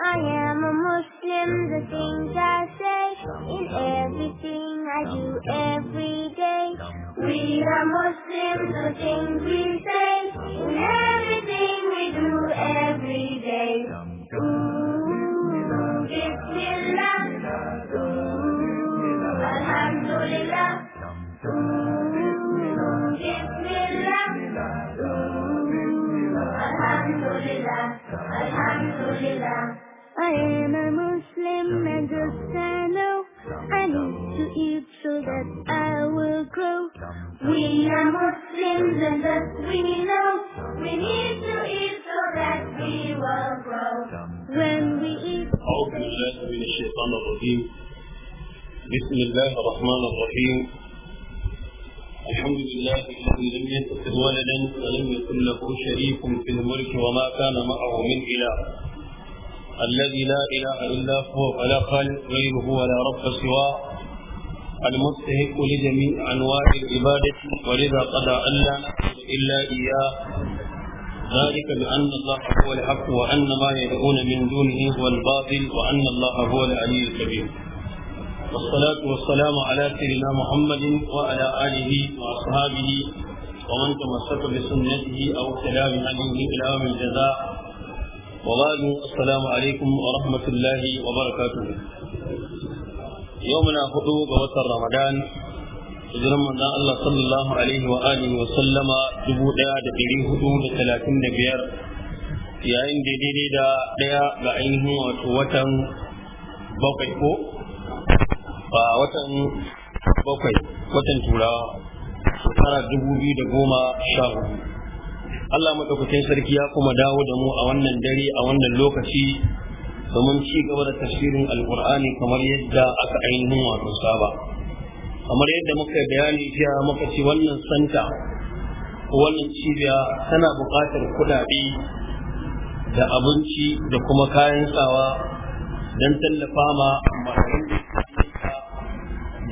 I am a Muslim, the things I say, in everything I do every day. We are Muslims, the things we say, in everything. بسم الله الرحمن الرحيم الحمد لله الذي لم يتخذ ولدا ولم يكن له شريك في الملك وما كان معه من اله الذي لا اله الا هو فلا خالق غيره ولا رب سواه المستحق لجميع أنواع العبادة ولذا قضى ألا إلا إياه ذلك بأن الله هو الحق وأن ما يدعون من دونه هو الباطل وأن الله هو العلي الكبير والصلاة والسلام على سيدنا محمد وعلى آله وأصحابه ومن تمسك بسنته أو كلام هديه إلى يوم الجزاء وبعد السلام عليكم ورحمة الله وبركاته yau muna hudu ga watan ramadan hijiran manzon Allah sallallahu alaihi wa alihi wa sallama dubu daya da dari hudu da talatin da biyar yayin da daidai da daya ga ainihin wato watan bakwai ko ba watan bakwai watan turawa shekara dubu biyu da goma sha hudu Allah madaukakin sarki ya kuma dawo da mu a wannan dare a wannan lokaci domin ci gaba da tafsirin alkur'ani kamar yadda aka ainihin wato saba kamar yadda muka bayani jiya muka ci wannan santa wannan cibiya tana buƙatar kuɗaɗe da abinci da kuma kayan sawa don tallafa ma marayun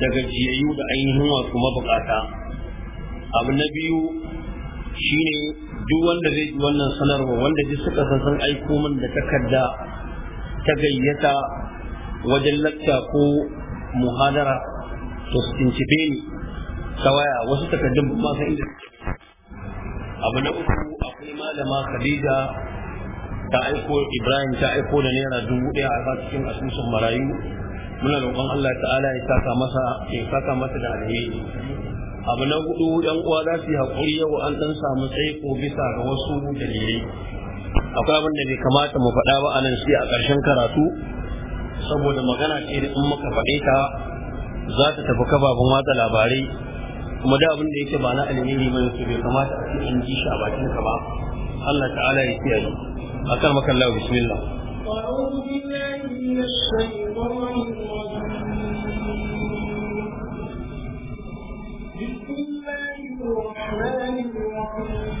da gajiyayyu da ainihin wasu mabukata abu na biyu shine duk wanda zai ji wannan sanarwa wanda duk suka san aiko min da takarda ta gayyata wajen lacca ko muhadara to su cincife ni ta wasu takardun ba san inda abu na uku akwai malama khadija ta aiko ibrahim ta aiko da naira dubu ɗaya a cikin asusun marayu muna roƙon Allah ta'ala ya saka masa ya saka masa da alheri abu na hudu yan uwa za su yi haƙuri yau an ɗan samu tsaiko bisa ga wasu dalilai akwai abin da bai kamata mu faɗa ba anan sai a ƙarshen karatu saboda magana ce da in muka faɗe ta za ta tafi kafafen watsa labarai kuma da abin da yake ba na alheri mai su bai kamata a cikin ji shi a bakin ka ba Allah ta'ala ya kiyaye akan makalla bismillah أعوذ بالله من الشيطان الرجيم بسم الله الرحمن الرحيم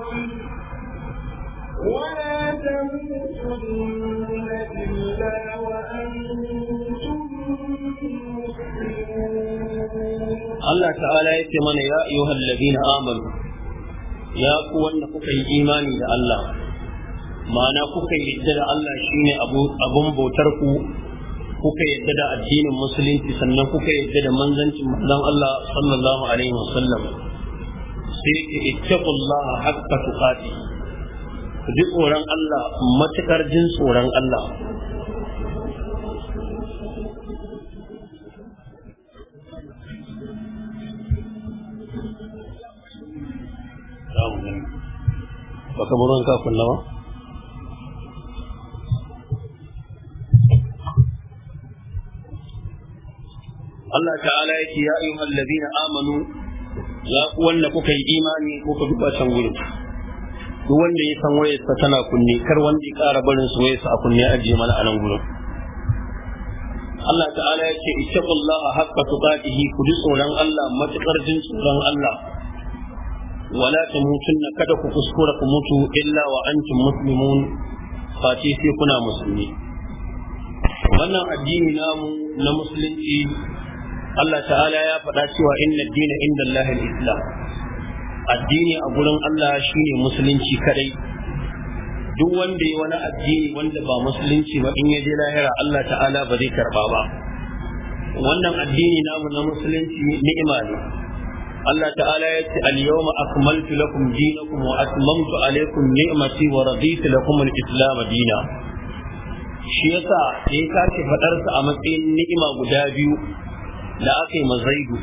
ومرضاته ولا تموتن إلا وأنتم Allah ta'ala ya ce mana ya Hallabi na amanu ya ku wanda kuka yi imani da Allah ma'ana kuka yadda da Allah shine abun bautar ku kuka yadda da addinin musulunci sannan kuka yadda da manzancin manzon Allah sallallahu alaihi wasallam sai ce ittaqullaha haqqa tuqati ku ji tsoron Allah matukar jin tsoron Allah baka buron kafin nawa? Allah ta'ala yake ya ayyuhal ladina amanu Za ku wanda kuka yi imani kuka duba can gurin duk wanda ya san wayarsa tana kunne kar wanda ya ƙara barin su sa a kunne ajiye mana a Allah ta'ala ya ce ittaqullaha haqqa tuqatihi ku ji tsoron Allah matukar jin tsoron Allah wala tamutunna kada ku kuskura ku mutu illa wa antum muslimun fati sai kuna musulmi wannan addini namu na musulunci Allah ta'ala ya faɗa cewa inna dina inda Allah islam addini a gurin Allah shine musulunci kadai duk wanda ya wani addini wanda ba musulunci ba in ya je lahira Allah ta'ala ba zai karba ba wannan addini namu na musulunci ni'ima ne Allah ta'ala ya ce al-yawma akmaltu lakum dinakum wa atmamtu alaykum ni'mati wa raditu lakum al-islam dina shi yasa sai ka ce fadar sa a matsayin ni'ima guda biyu da aka yi mazaidu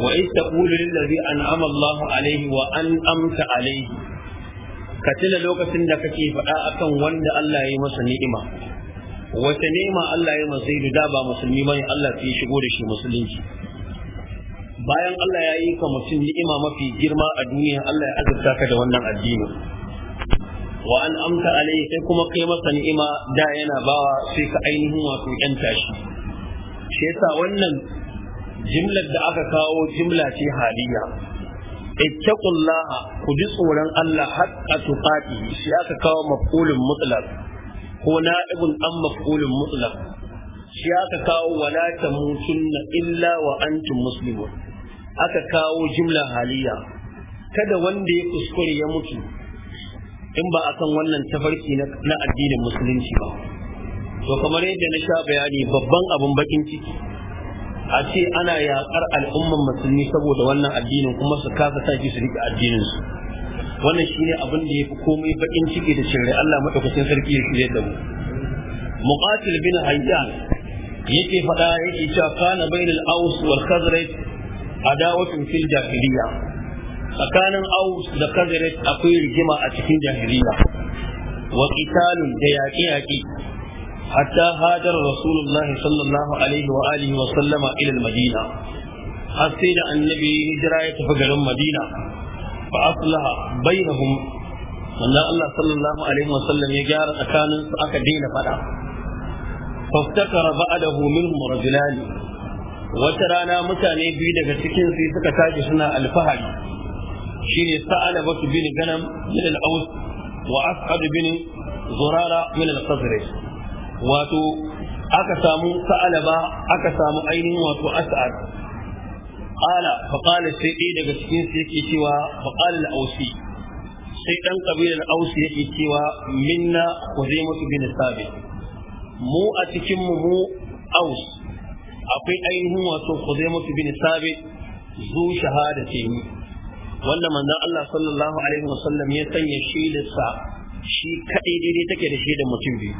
wa ita ƙulun da zai an'ama alaihi wa an amta alaihi ka tuna lokacin da kake faɗa akan wanda Allah ya yi masa ni'ima wace ni'ima Allah ya yi mazaidu da ba musulmi bane Allah ya shigo da shi musulunci bayan Allah ya yi ka mutum ni'ima mafi girma a duniya Allah ya azurta ka da wannan addini wa an amta alai sai kuma kai masa ni'ima da yana bawa sai ka ainihin wato yanta shi shi yasa wannan jimlar da aka kawo jimla ce haliya ittaqullaha ku ji tsoron Allah haqqa tuqati shi aka kawo maf'ulun mutlaq ko na'ibun an maf'ulun mutlaq shi aka kawo wala tamutunna illa wa antum muslimun aka kawo jimla haliya kada wanda ya kuskure ya mutu in ba a kan wannan tafarki na addinin musulunci ba to kamar yadda na sha bayani babban abun bakin ciki a ce ana yakar al'umman musulmi saboda wannan addinin kuma su kasa sa su rike addinin su wannan shine abin da yafi komai bakin ciki da cire Allah madaukakin sarki ya shirye da mu muqatil bin hayyan yake fada yake cewa kana bainal aus wal khazraj adawatun fil jahiliya tsakanin aus da khazraj akwai rigima a cikin jahiliya wa qitalun da yaƙi yaƙi حتى هاجر رسول الله صلى الله عليه وآله وسلم إلى المدينة حسين النبي هجرة فقر المدينة فأصلح بينهم من الله صلى الله عليه وسلم يجار أكان أكدين فلا فافتكر بعده منهم رجلان وترانا متاني بيدك سكين في سكتاج سنة الفهد شيني سأل بك بن غنم من الأوس وأسعد بن زرارة من الخزرج wato aka samu sa'alaba aka samu ainihin wato as'ad qala fa qala sai dai daga cikin su yake cewa fa qala al-ausi sai dan kabilar ausi yake cewa minna khuzaimah bin sabit mu a cikin mu mu aus akwai ainihin wato khuzaimah bin sabit zu shahadatin wanda manzon Allah sallallahu alaihi wasallam ya sanya shi da sa shi kadai daidai take da shi da mutum biyu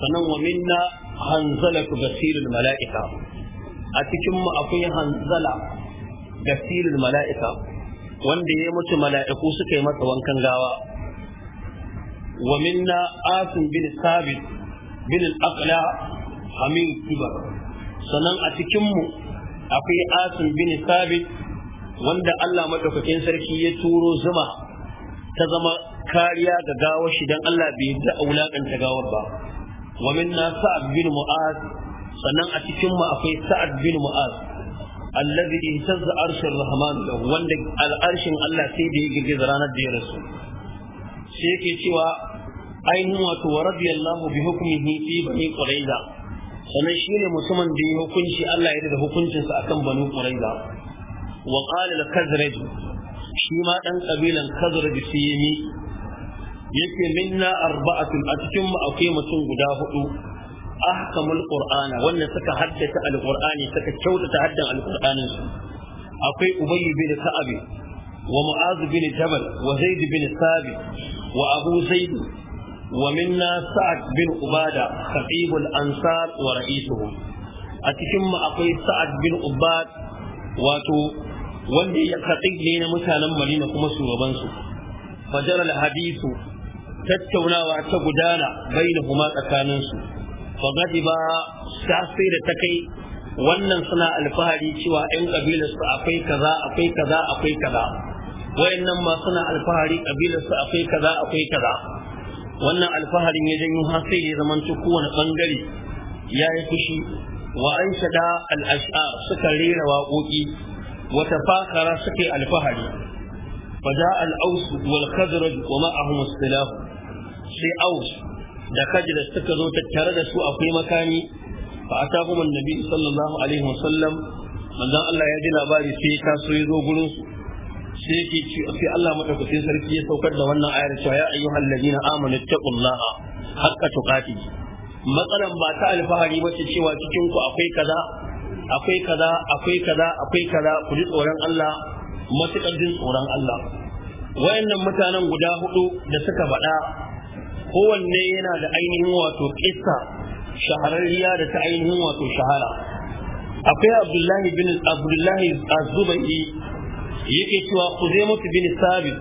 sannan wa minna hanzalatu gasirin mala'ika a cikinmu mu akwai hanzala gasirin mala'ika wanda ya mutu mala'iku suka yi masa wankan gawa wa minna asin bin sabit bin al-aqla hamid kibar sannan a cikinmu mu akwai asin bin sabit wanda Allah madaukakin sarki ya turo zuma ta zama kariya ga gawar shi don Allah bai da aulakanta gawar ba wa minna sa'ad bin sannan a cikin mu akwai sa'ad bin mu'az allazi ihtazza arshar rahman wanda al'arshin Allah sai da ya girgiza ranar da ya rasu sai yake cewa ainihin wato wa radiyallahu bi hukmihi fi bani quraiza sannan shine mutumin da ya hukunci Allah ya da hukuncinsa akan bani quraiza wa qala al shi ma dan kabilan kazraj sai ya yace minna arba'atun a cikin mu akwai mutum guda hudu ahkamul qur'ana wannan suka haddace alqur'ani suka kyautata haddan alqur'anin su akwai ubay bin ka'ab wa mu'az bin jabal wa zaid bin sabit wa abu zaid wa minna sa'ad bin ubada khatibul ansar wa ra'isuhum a cikin mu akwai sa'ad bin ubad wato wanda ya khatib ne na mutanen madina kuma shugaban su fajar al-hadithu tattaunawa ta gudana bainahuma tsakanin su fa gadiba ta sai da ta kai wannan suna alfahari cewa yan kabilar su akwai kaza akwai kaza akwai kaza nan ma suna alfahari su akwai kaza akwai kaza wannan alfaharin ya janyo har sai ya zama kowane bangare ya yi fushi wa an shada al'ashar suka rera waƙoƙi wata fakara suka yi alfahari فجاء الأوس والخزرج ومعهم السلاح سي أوس da kaji da suka zo tattare da su akwai makami fa atabu annabi sallallahu alaihi wasallam manzon Allah ya ji labari sai ta so ya zo gurin su sai yake sai Allah madaukakin sarki ya saukar da wannan ayar cewa ya ayyuhal ladina amanu taqullaha haqqa tuqati matsalan ba ta alfahari ba ce cewa cikin ku akwai kaza akwai kaza akwai kaza akwai kaza ku ji tsoron Allah matuƙar jin tsoron Allah wayannan mutanen guda hudu da suka faɗa kowanne yana da ainihin wato kissa shahararriya da ta ainihin wato shahara akwai abdullahi bin abdullahi az-zubayyi yake cewa mutu bin sabit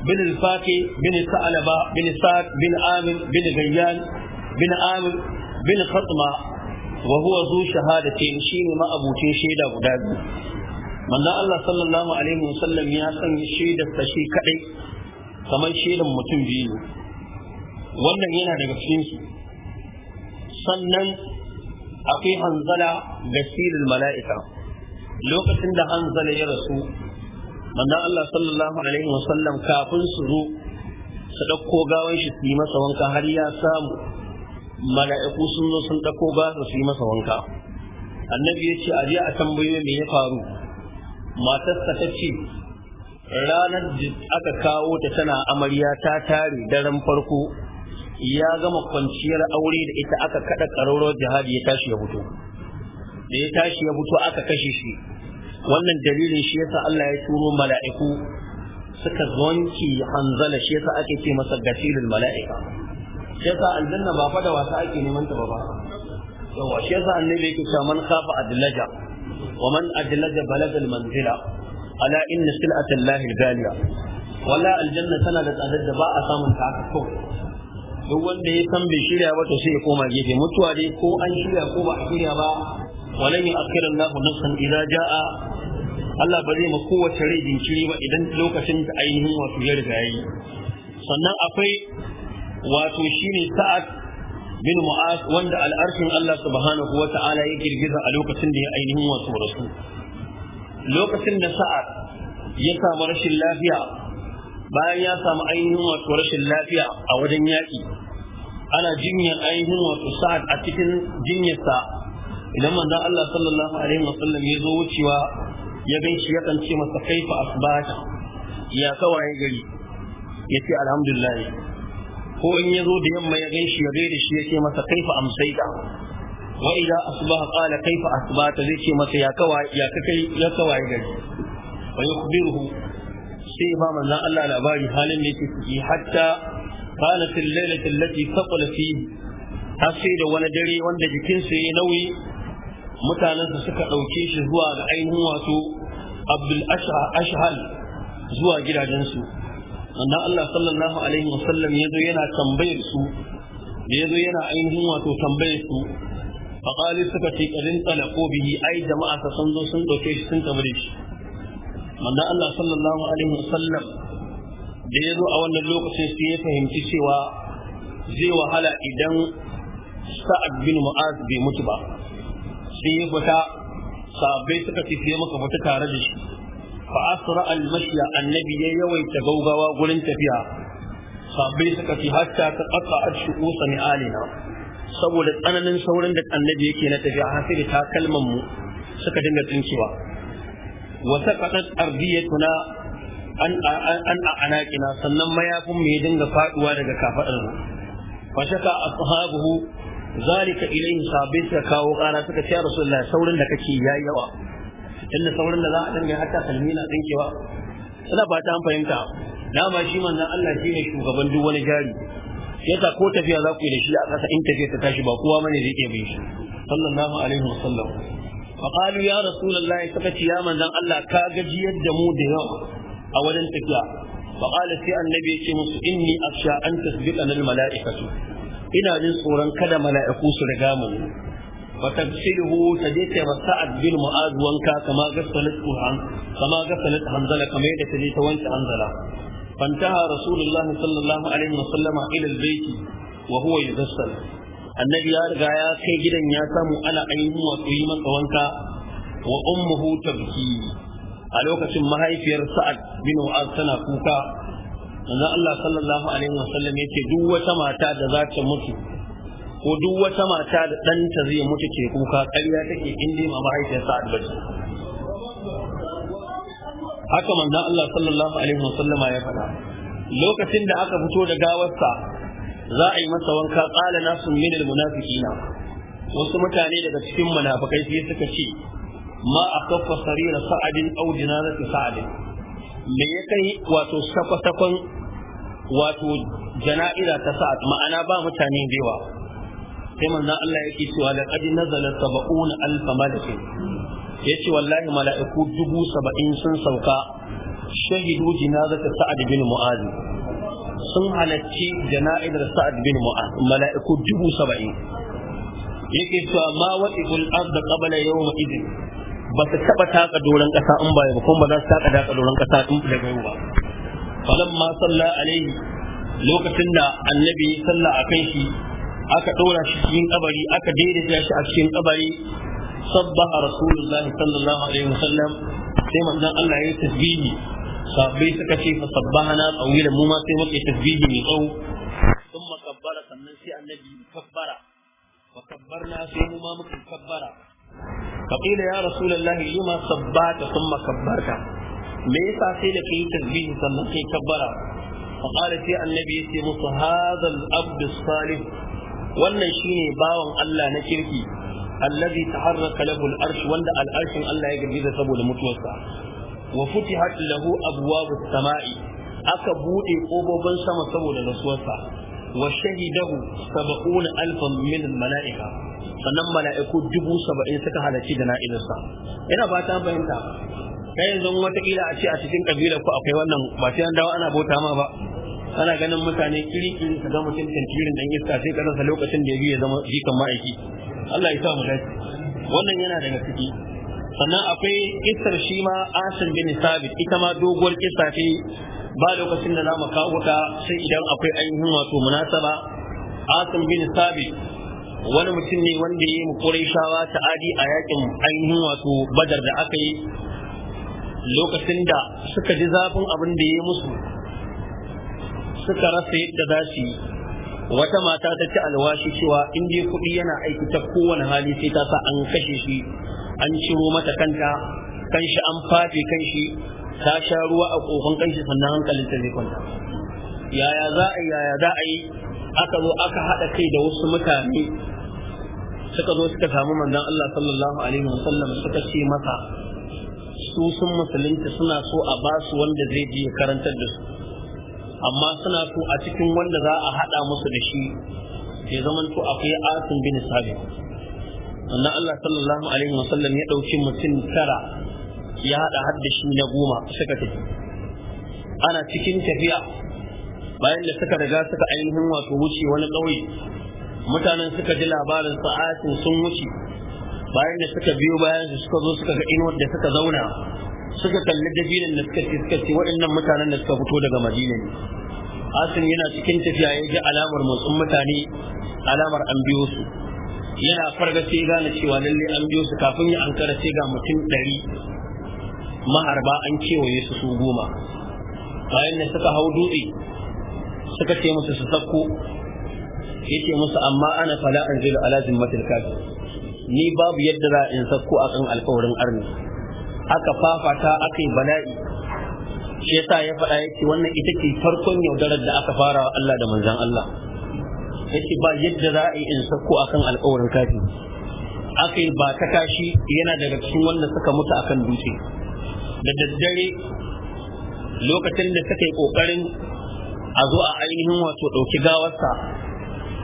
bin Fati, bin sa'alaba bin Sa'ad, bin amir bin gayyan bin amir bin khatma wa huwa zu shahadatin shine ma abucin shaida guda biyu manzon Allah sallallahu alaihi wasallam ya san shaidar sa shi kadai kamar shaidan mutum biyu wannan yana daga cikin su sannan akwai hanzala da sirrin mala'ika lokacin da hanzala ya rasu manzon Allah sallallahu alaihi wasallam kafin su zo su dauko gawan shi su yi masa wanka har ya samu mala'iku sun zo sun dauko gawan su yi masa wanka annabi ya ce a je a tambayo me ya faru matarsa ta ce ranar da aka kawo ta tana amarya ta tare daren farko ya gama kwanciyar aure da ita aka kada ƙararrawar jihadi ya tashi ya fito da ya tashi ya fito aka kashe shi wannan dalilin shi yasa Allah ya turo mala'iku suka zonki hanzala shi yasa ake ce masa gasilul mala'ika shi yasa aljanna ba fa da wasa ake neman ta ba ba yawa shi yasa annabi yake cewa man khafa adlaja da ومن أجلد بلد المنزلة ألا إن سلعة الله الغالية ولا الجنة سنة أجلد باء سامن تعكتو duk wanda ya san bai shirya ba to sai ya koma gefe mutuwa dai ko an shirya ko ba a shirya ba walan ya akhira Allah nafsan idza jaa Allah ba zai ma kowace rai jinkiri ba idan lokacin da ainihin wato ya riga yi sannan akwai wato shine sa'at bin mu'az wanda al'arshin Allah subhanahu wa ta'ala ya girgiza a lokacin da ya ainihin wasu rasu lokacin da sa'ad ya samu rashin lafiya bayan ya samu ainihin wasu rashin lafiya a wajen yaƙi ana jinyar ainihin wasu sa'ad a cikin jinyarsa idan manzon Allah sallallahu alaihi wa sallam ya zo wucewa ya gan shi ya ce masa kaifa asbata ya kawaye gari ya ce alhamdulillah ko in ya zo da yamma ya gan shi ya gaida shi ya ce masa kaifa amsaida wa idza asbaha qala kaifa asbata zai ce masa ya kawa ya kai ya kawa ya gari wa yukhbiruhu sai ba manzon Allah labari halin da yake ciki hatta kanat al-lailatu allati saqala fi har sai da wani dare wanda jikinsa ya nauyi mutanensa suka ɗauke shi zuwa ga ainihin wato abdul ashhal zuwa gidajensu manzon Allah sallallahu alaihi wasallam zo yana tambayar su ya zo yana ainihin wato tambayar su faqali suka ce qadin ko bihi ai jama'a ta san zo sun ɗauke shi sun kabare shi manzon Allah sallallahu alaihi wasallam da zo a wannan lokacin sai ya fahimci cewa zai wahala idan sa'ad bin mu'az bai mutu ba sai ya fita sabai suka ce sai maka fita tare da shi fa asra al mashya annabi ya yawaita gaugawa gurin tafiya sabai suka fi hatta ta qata al shuqusa ni alina saboda tsananin saurin da annabi yake na tafiya hafi da takalman mu suka dinga tsinkewa wa saqatat ardiyatuna an an anaqina sannan mayafin mu ya dinga faduwa daga kafadar mu fa shaka zalika ilayhi sabai suka kawo kana suka saurin da kake yayi yawa tunda sauran da za a dinga hatta salmi na tsinkewa ina ba ta fahimta dama shi manzon Allah shi ne shugaban duk wani jari yasa ko tafiya za ku yi da shi a ƙasa in tafiya ta tashi ba kowa mane zai iya bin shi sallallahu alaihi wasallam فقالوا يا رسول الله سكتي يا من الله da mu da ديو a wajen tafiya faƙala sai annabi ya ce musu inni aksha an tasbiqana malaikatu ina jin tsoron kada mala'iku su riga mu وتغسله تجيت وسعد بن معاذ وانكا كما غسلته عن كما غسلت حنزله كما تجيت وانت حنزله فانتهى رسول الله صلى الله عليه وسلم الى البيت وهو يغسل النبي يا رجا كي gidan ya samu ana ainihin wato yi masa wanka wa ummuhu tabki a lokacin mahaifiyar sa'ad bin mu'az tana kuka manzon Allah sallallahu alaihi wasallam yake duk wata mata da za ta mutu ko duk wata mata da ɗanta zai mutu ke kuka ƙarya take in dai mama haifiyarsa albaci haka manzon Allah sallallahu alaihi wasallama ya faɗa lokacin da aka fito da gawarsa za a yi masa wanka qala nasun min almunafiqina wasu mutane daga cikin munafikai sai suka ce ma akaffa sarira sa'adin aw jinazati sa'adin me ya kai wato sakwa wato jana'ira ta sa'ad ma'ana ba mutane da yawa sai manzon Allah ya yake cewa da qad nazala sab'una alf malakin ce wallahi mala'iku dubu saba'in sun sauka shahidu jinazata sa'ad bin mu'adh sun halarci jana'idar sa'ad bin mu'adh mala'iku dubu saba'in Ya yake cewa ma wa'idul ard qabla yawm idin ba su taba taka doron kasa in ba ba kuma ba za su taka taka doron kasa in daga yau ba falamma salla alaihi lokacin da annabi salla a kan shi aka ɗora shi cikin kabari aka daidaita shi a cikin kabari sabbaha rasulullah sallallahu alaihi wasallam sai manzon Allah ya yi tasbihi sahabbai suka ce fa sabbahana tsawilan mu ma sai muke tasbihi mai tsawo thumma kabbara sannan sai annabi kabbara wa kabbarna sai mu ma muke kabbara faqila ya rasulullah lima sabbata thumma kabbarta me yasa sai da kai tasbihi sannan kai kabbara فقال في النبي يسي مصر هذا الأبد الصالح wannan shine bawan Allah na kirki allazi taharraka lahu al-arsh wanda al-arshin Allah ya girgiza saboda mutuwarsa wa futihat lahu abwabu samai aka bude kobobin sama saboda rasuwarsa wa shahidahu sab'una alfan min al-mala'ika sannan mala'iku dubu saba'in suka halarci da jana'izarsa ina ba ta fahimta kai yanzu wata kila a ce a cikin kabila ku akwai wannan ba sai an dawo ana bauta ma ba ana ganin mutane kiri-kiri su ga mutum tantirin dan iska sai ka rasa lokacin da ya biya zama jikan ma'aiki Allah ya sa mu dace wannan yana daga ciki sannan akwai kisar shi ma asin bin Sabit ita ma doguwar kisa ce ba lokacin da za kawo ka sai idan akwai ainihin wato munasaba Asin bin Sabit wani mutum ne wanda ya yi mu Qurayshawa ta'adi a yakin ainihin wato Badar da aka yi lokacin da suka ji zafin abin da ya yi musu suka rasa yadda za su yi wata mata ta ci alwashi cewa in dai kuɗi yana aiki ta kowane hali sai ta sa an kashe shi an ciro mata kanta kan shi an fafe kan shi ta sha ruwa a kofan kan shi sannan hankalin ta zai kwanta yaya za a yaya za a yi aka zo aka haɗa kai da wasu mutane suka zo suka samu manzon Allah sallallahu alaihi wasallam suka ce masa su sun musulunta suna so a basu wanda zai je karantar da su amma suna so a cikin wanda za a haɗa musu da shi ya zama to akwai asim bin sabi wannan Allah sallallahu alaihi wasallam ya ɗauki mutum tara ya haɗa har da shi na goma suka tafi ana cikin tafiya bayan da suka riga suka ainihin wato wuce wani ƙauye mutanen suka ji labarin sa'atin sun wuce bayan da suka biyo bayan su suka zo suka ga inuwar da suka zauna suka kalli dabinin da suka ce suka ce waɗannan mutanen da suka fito daga madina ne asin yana cikin tafiya ya ji alamar motsin mutane alamar an biyo su yana farga sai gane cewa lalle an biyo su kafin ya ankara sai ga mutum ɗari maharba an kewaye su su goma bayan da suka hau dutse suka ce musu su sakko ce musu amma ana fala an zai da alazin kafir ni babu yadda za in sakko kan alkawarin arni aka fafata aka yi bala'i shi yasa ya faɗa yake wannan ita ce farkon yaudarar da aka fara Allah da Manzan Allah ce ba yadda za a yi in sako akan alƙawarin kafi aka yi ba ta kashi yana daga cikin wanda suka mutu akan dutse da daddare lokacin da suka yi ƙoƙarin a zo a ainihin wato ɗauki gawarsa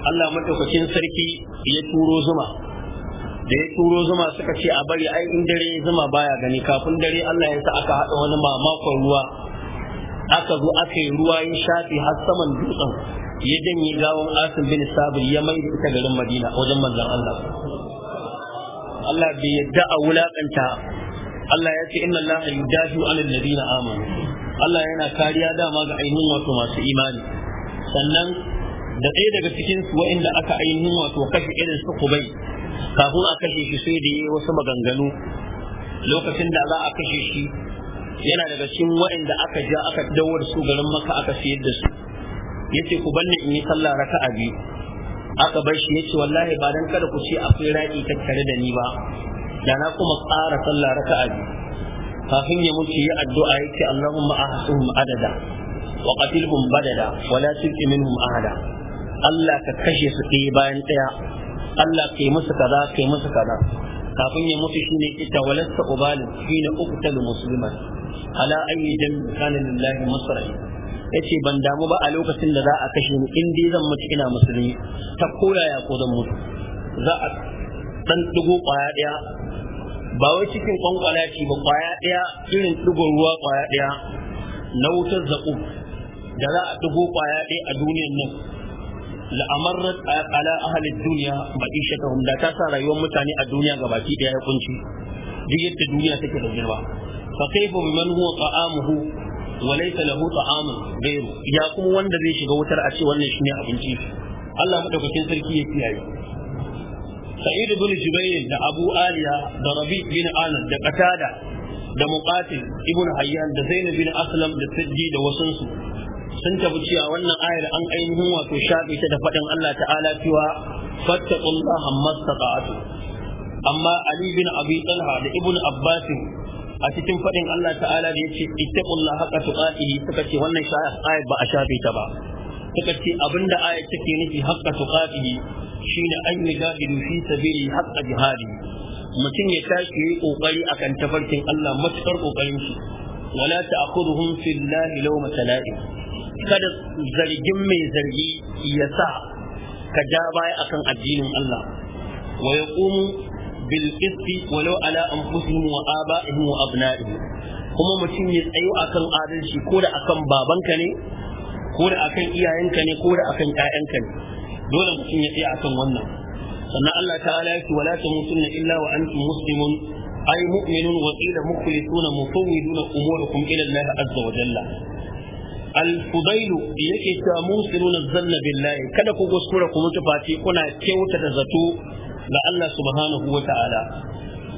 Allah mataukacin sarki ya turo zuma da ya turo zuma suka ce a bari ai in dare zuma baya gani kafin dare Allah ya sa aka haɗa wani mamakon ruwa aka zo aka yi ruwa ya shafi har saman dutsen ya janye gawon asim bin sabir ya mai da ita garin madina wajen manzan Allah Allah bai yadda a wulakanta Allah ya ce inna Allah yudafi an alladina amanu Allah yana kariya dama ga ainihin wato masu imani sannan da ɗaya daga cikin su wa'inda aka ainihin wato kashe irin su kubai kafin a kashe shi sai da yi wasu maganganu lokacin da za a kashe shi yana daga cikin wa'inda aka ja aka dawo su garin maka aka siyar da su ce ku banne in yi sallah raka'a biyu aka bar shi ce, wallahi ba dan kada ku ce akwai raƙi, tattare da ni ba da na kuma ƙara sallah raka'a biyu kafin ya mutu yi addu'a yace Allahumma ahsuhum adada wa qatilhum badada wa la tilki minhum ahada Allah ka kashe su ɗaya bayan ɗaya Allah ke musu kaza ke musu kaza kafin ya mutu shine ita walasta ubalin shine uqtalu musliman ala ayi dan kana lillahi masrai yace ban damu ba a lokacin da za a kashe ni in dai zan mutu ina musulmi ta koyaya ko zan mutu za a dan dugo kwaya daya ba wai cikin kwankwala ce ba kwaya daya irin dugon ruwa kwaya daya na wutar zaƙo da za a dugo kwaya daya a duniyar nan la'amarrat ala ba ishe ma'ishatahum da ta sa rayuwar mutane a duniya ga baki daya ya kunci duk yadda duniya take da girma fa kayfa biman huwa ta'amuhu wa laysa lahu ta'amun ghayru ya kuma wanda zai shiga wutar a ce wannan shine abinci Allah madaukakin sarki ya kiyaye Sa'id ibn Jubayr da Abu Aliya da Rabi bin Anas da Qatada da Muqatil ibn Hayyan da Zainab bin Aslam da siddi da wasansu sun tafi cewa wannan ayar an ainihin wato shafe ta da faɗin Allah ta'ala cewa fattaqullaha mastata'atu amma Ali bin Abi Talha da Ibn Abbas a cikin faɗin Allah ta'ala da yace ittaqullaha haqqa tuqatihi suka ce wannan ayar ba a shafe ta ba suka ce abinda ayar take nufi haqqa tuqatihi shine an yi yujadilu fi sabili haqqa jihadi mutum ya tashi yi kokari akan tafarkin Allah matukar kokarin shi wala ta'khudhuhum fi llahi lawma tala'im kada zargin mai zargi ya sa ka ja baya akan addinin Allah wa yaqumu bil qisti walau ala anfusihim wa aba'ihim wa abna'ihim kuma mutum ya tsayo akan adalci ko da akan babanka ne ko da akan iyayenka ne ko da akan ƴaƴanka ne dole mutum ya tsaya akan wannan sannan Allah ta'ala ya ce wala tamutunna illa wa antum muslimun ay mu'minun wa qila mukhlisuna mufawwiduna umurakum ila Allah azza wa jalla al-fudailu yake cewa musiruna zanna billahi kada ku kuskura ku mutu fati kuna kyautata zato ga Allah subhanahu wa ta'ala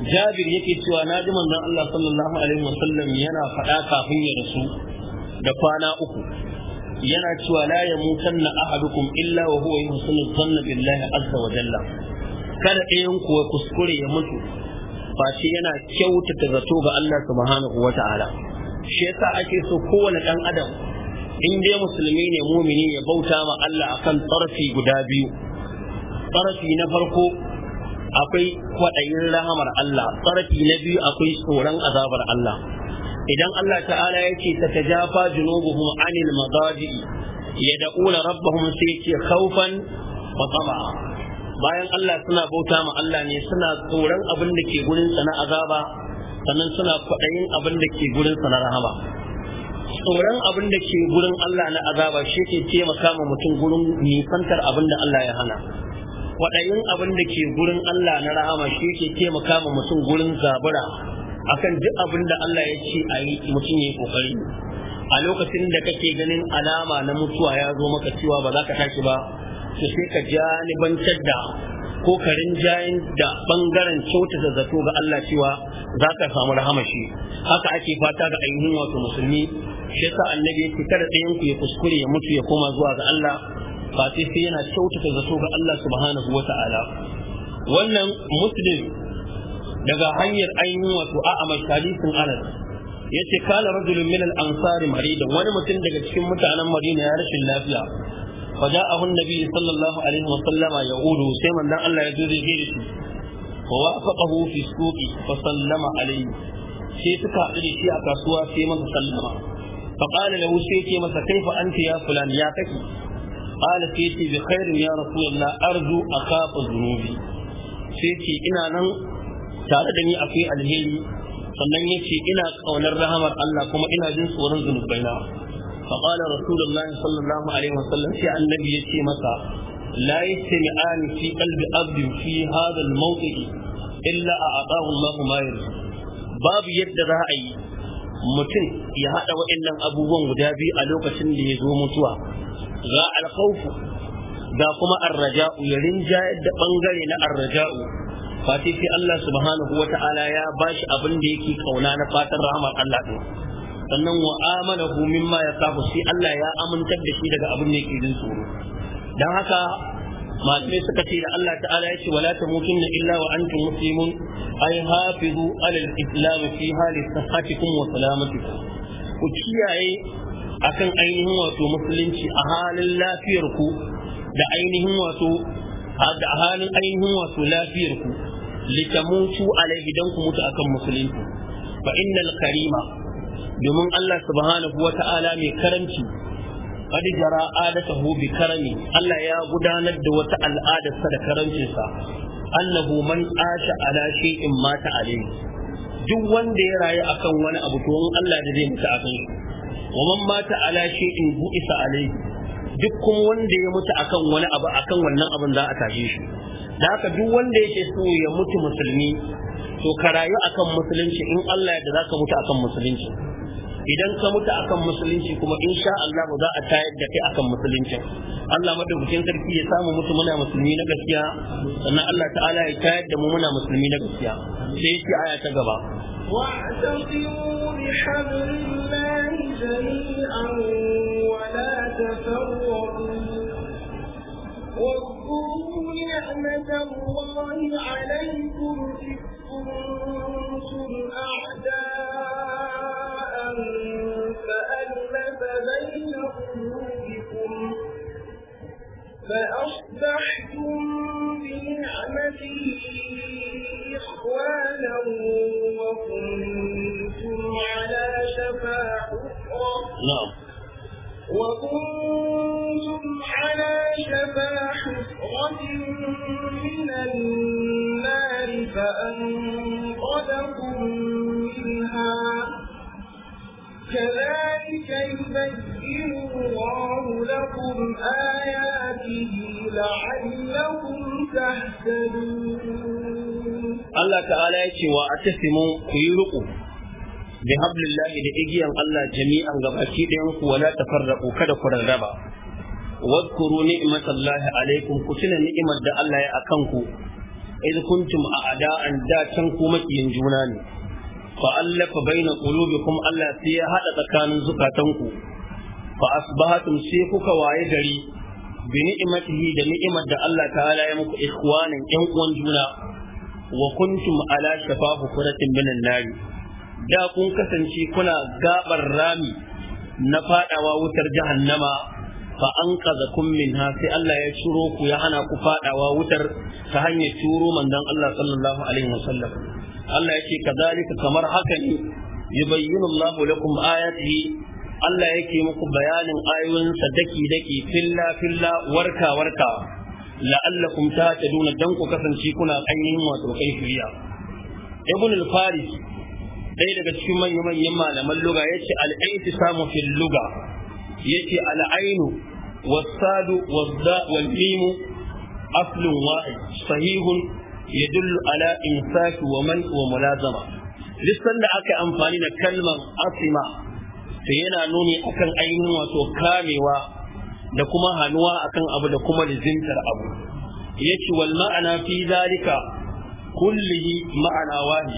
jabir yake cewa na ji manzon Allah sallallahu alaihi wasallam yana faɗa kafin ya rasu da kwana uku yana cewa la yamutanna ahadukum illa wa huwa yuhsinu dhanna billahi azza wa jalla kada ɗayan ku kuskure ya mutu face yana kyautata zato ga Allah subhanahu wa ta'ala shi yasa ake so kowane ɗan adam in dai musulmi ne mumini ya bauta ma Allah akan tsarfi guda biyu tsarfi na farko akwai kwaɗayin rahamar Allah tsarfi na biyu akwai tsoron azabar Allah idan Allah ta'ala ya ce tatajafa junubuhum anil madaji yad'una rabbahum sai ce khawfan wa bayan Allah suna bauta ma Allah ne suna tsoron abin da ke gurin sana azaba sannan suna kwaɗayin abin da ke gurin sana rahama tsoron abin da ke gurin Allah na azaba shi ke taimaka ma mutum gurin nisantar abin da Allah ya hana kwaɗayin abin da ke gurin Allah na rahama shi ke taimaka ma mutum gurin zabura akan duk abin da Allah ya ce a yi mutum ya yi kokari a lokacin da kake ganin alama na mutuwa ya zo maka cewa ba za ka tashi ba to sai ka janibantar da ko karin jayin da bangaren kyautata zato ga Allah cewa za ka samu rahama shi haka ake fata ga ainihin wato musulmi shi yasa annabi yake kada ɗayan ku ya kuskure ya mutu ya koma zuwa ga Allah ba sai sai yana kyautata zato ga Allah subhanahu wa ta'ala. wannan muslim daga hanyar ainihin wato a'amar hadisin anas ce kala rajulun min al-ansari marida wani mutum daga cikin mutanen Madina ya rashin lafiya فجاءه النبي صلى الله عليه وسلم يقول سيما أن الله يجوز جيرش ووافقه في السوق فسلم عليه sai suka haɗu da shi a kasuwa sai masa sallama فقال له سيتي مسا كيف أنت يا فلان يا تكي قال سيتي بخير يا رسول الله أرجو أخاف ذنوبي سيتي إنا نن تاردني أفي الهيلي sannan yake ina kaunar rahamar Allah kuma ina jin tsoron zunubai na faqala rasulullahi sallallahu alaihi wasallam sai annabi yace masa la yastami'an fi qalbi abdi fi hadha al illa a Allah ma yarzu babu yadda za a mutum ya haɗa waɗannan abubuwan guda biyu a lokacin da ya zo mutuwa ga alkhawfu ga kuma arraja'u ya rinjayar da bangare na arraja'u fati sai Allah subhanahu ta'ala ya bashi abin da yake kauna na fatan rahmar Allah din sannan wa ma mimma yasahu sai Allah ya amintar da shi daga abin da yake jin tsoro dan haka malamai suka ce da Allah ta'ala ya ce wala tamutunna illa wa antum muslimun ay hafizu alal islam fi hali sihhatikum wa salamatikum ku kiyaye akan ainihin wato musulunci a halin lafiyar ku da ainihin wato da halin ainihin wato lafiyar ku litamutu alaihi dan ku mutu akan musulunci fa innal karima domin Allah subhanahu wa ta'ala mai karanci qad jara adatahu bi karami Allah ya gudanar da wata al'adar sa da karancinsa annahu man asha ala shay'in mata alayhi duk wanda ya rayu akan wani abu to Allah da zai mutu akan shi wa man mata ala shay'in bu'isa alayhi duk kuma wanda ya mutu akan wani abu akan wannan abin za a tashe shi da haka duk wanda yake so ya mutu musulmi to ka rayu akan musulunci in Allah ya da zaka mutu akan musulunci idan ka mutu akan musulunci kuma insha Allah za a tayar da kai akan musulunci Allah madaukakin sarki ya samu mutu muna musulmi na gaskiya sannan Allah ta'ala ya tayar da mu muna musulmi na gaskiya sai yake aya ta gaba واعتصموا بحبل الله جميعا ولا تفرقوا واذكروا نعمة الله عليكم إذ cewa a tasimu ku yi riƙo bi hablillahi da igiyan Allah jami'an gabaki ɗayan ku wala tafarraqu kada ku rarraba wadkuru ni'matallahi alaikum ku tuna ni'imar da Allah ya akan ku id kuntum a'da'an da can ku makiyin juna ne fa allafa baina qulubikum Allah sai ya hada tsakanin ku fa asbahatum sai kuka waye gari bi ni'matihi da ni'imar da Allah ta ya muku ikhwanin yan uwan juna wa kuntum ala shafafu kuratin minan nari da kun kasance kuna gabar rami na fadawa wutar jahannama fa an kaza kun minha sai Allah ya ciro ku ya hana ku fadawa wutar ta hanyar turo manzon Allah sallallahu alaihi wasallam Allah yake kadalika kamar haka ne yubayyinu Allah lakum ayatihi Allah yake muku bayanin ayoyinsa daki daki filla filla warka warka la'allakum tahtaduna don ku kasance kuna ainihin wato kai shiriya ibn al-faris ɗaya daga cikin manyan manyan malaman luga yace al-i'tisamu fil luga ya ce ainu was-sadu da wal-mim aslun wahid ala imsaki wa man wa mulazama lissan da aka amfani da kalmar asima to yana nuni akan ainihin wato kamewa da kuma hannuwa akan abu da kuma lizintar abu ce wal ma'ana fi zalika kullihi ma'ana wahid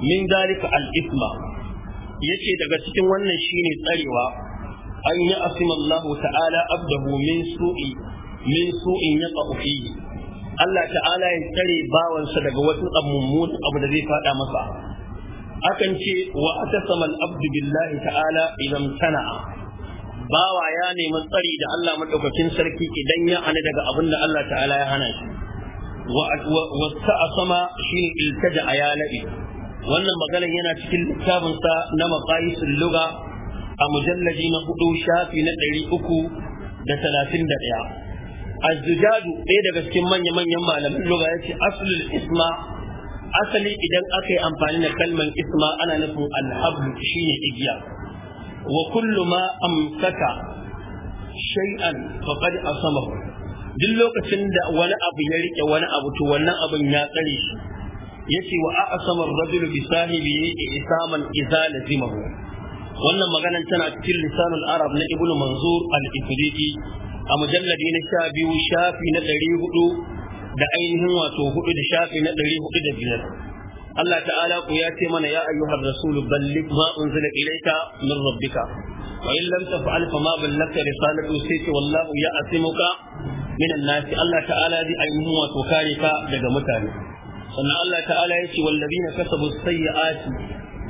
min zalika al isma yace daga cikin wannan shine tsarewa an yi asima Allah ta'ala abdahu min su'i min su'in yaqa'u fihi Allah ta'ala ya tsare bawansa daga wasu mummun abu da zai fada masa akan ce wa atasama al abdu billahi ta'ala idan sana'a bawa ya nemi tsari da Allah madaukakin sarki idan ya hana daga abin da Allah ta'ala ya hana shi wa sama shi iltaja ayalabi wannan maganar yana cikin littafinsa sa na maqayisul lugha a mujallaji na hudu shafi na ɗari uku da talatin da ɗaya azzujadu ɗaya daga cikin manya-manyan malamin lugha ya ce asulul isma asali idan aka yi amfani da kalmar isma ana nufin Alhabdu shine igiya wa kulluma ma shai'an shay'an a samar, duk lokacin da wani abu ya rike wani abu to wannan abun ya tsare shi yace wa a'sama ar-rajulu bi sahibihi isaman idza lazimahu wannan maganar tana cikin lisanul arab na ibnu manzur al-ifriqi a mujalladi na sha biyu shafi na ɗari hudu da ainihin wato hudu da shafi na ɗari hudu da biyar Allah ta'ala ku ya ce mana ya ayyuhar rasul balligh ma unzila ilayka min rabbika wa in lam taf'al fa ma ballagta risalatu sai ce wallahu asimuka min an-nas Allah ta'ala zai ayyuhu wa tukare ka daga mutane sannan Allah ta'ala ya ce wallazina kasabu sayyi'ati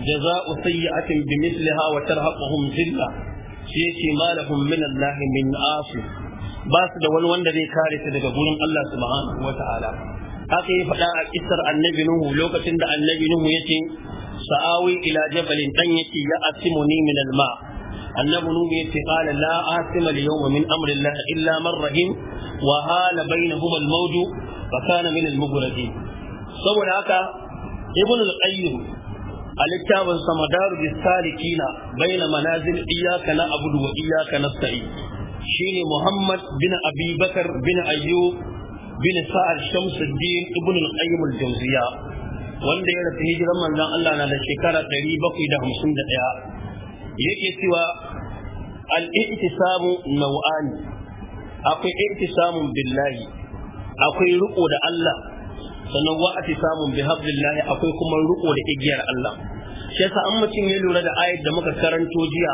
jaza'u sayyi'atin bimithliha wa tarhaquhum zilla sai ce ma lahum min Allah min asif ba su da wani wanda zai kare su daga gurin Allah subhanahu wa ta'ala aka yi faɗa a kisar annabi nuhu lokacin da annabi nuhu ya ce sa'awi ila jabalin dan yake ya asimu ni min alma annabi nuhu ya ce qala la asima al yawma min amri allah illa man rahim wa hala bainahuma al mawj fa kana min al mughraqin saboda haka ibn al qayyim a littafin sa madaru salikina baina manazil iyyaka na abudu wa iyyaka nasta'in shine muhammad bin abi bakar bin ayyub bin sa'ad shamsuddin ibn al-qayyim al-jawziya wanda ya rasu hijiran manzon Allah na da shekara 751 yake cewa al-i'tisamu nau'ani akwai i'tisamun billahi akwai riko da Allah sannan wa atisamun akwai kuma riko da igiyar Allah shi yasa an mutum ya lura da ayat da muka karanto jiya